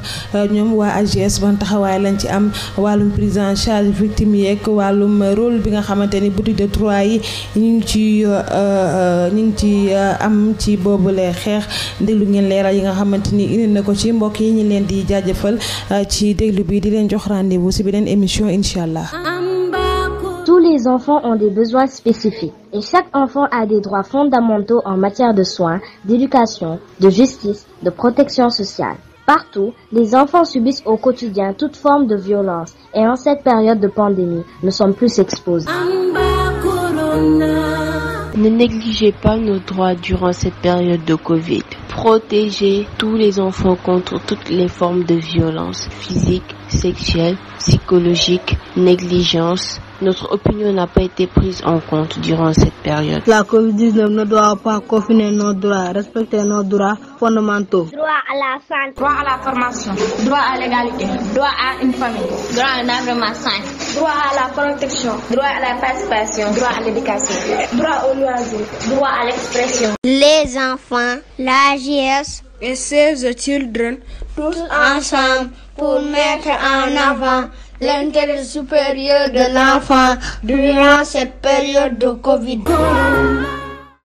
ñoom waa AGS ban taxawaay lañ ci am wàllum prise charge victime yeeg wàllum rôle bi nga xamante ni boutique de Troyes yi ñu ngi ci euh, euh, ñu ngi ci euh, am ci boobule xeex déglu ngeen leeral yi nga xamante ni indi na ko ci mbokk yi ñu leen di jaajëfal ci déglu bi di leen jox rendez-vous si beneen émission incha allah. Tous les enfants ont des besoins spécifiques et chaque enfant a des droits fondamentaux en matière de soins, d'éducation, de justice, de protection sociale. Partout, les enfants subissent au quotidien toute forme de violence et en cette période de pandémie, nous sommes plus exposés. Ne négligez pas nos droits durant cette période de Covid. Protégez tous les enfants contre toutes les formes de violence physique, sexuelle, psychologique, négligence, Notre opinion n'a pas été prise en compte durant cette période. La covid ne doit pas confiner nos droits, respecter nos droits fondamentaux. Droit à l'égalité, droit à une famille, droit à un environnement droit à la protection, droit à l'éducation, droit au loisir, droit à l'expression. Les enfants, l'AGS et Save the Children, tous ensemble pour mettre en avant l'intérêt supérieur de l'enfant durant cette période de Covid.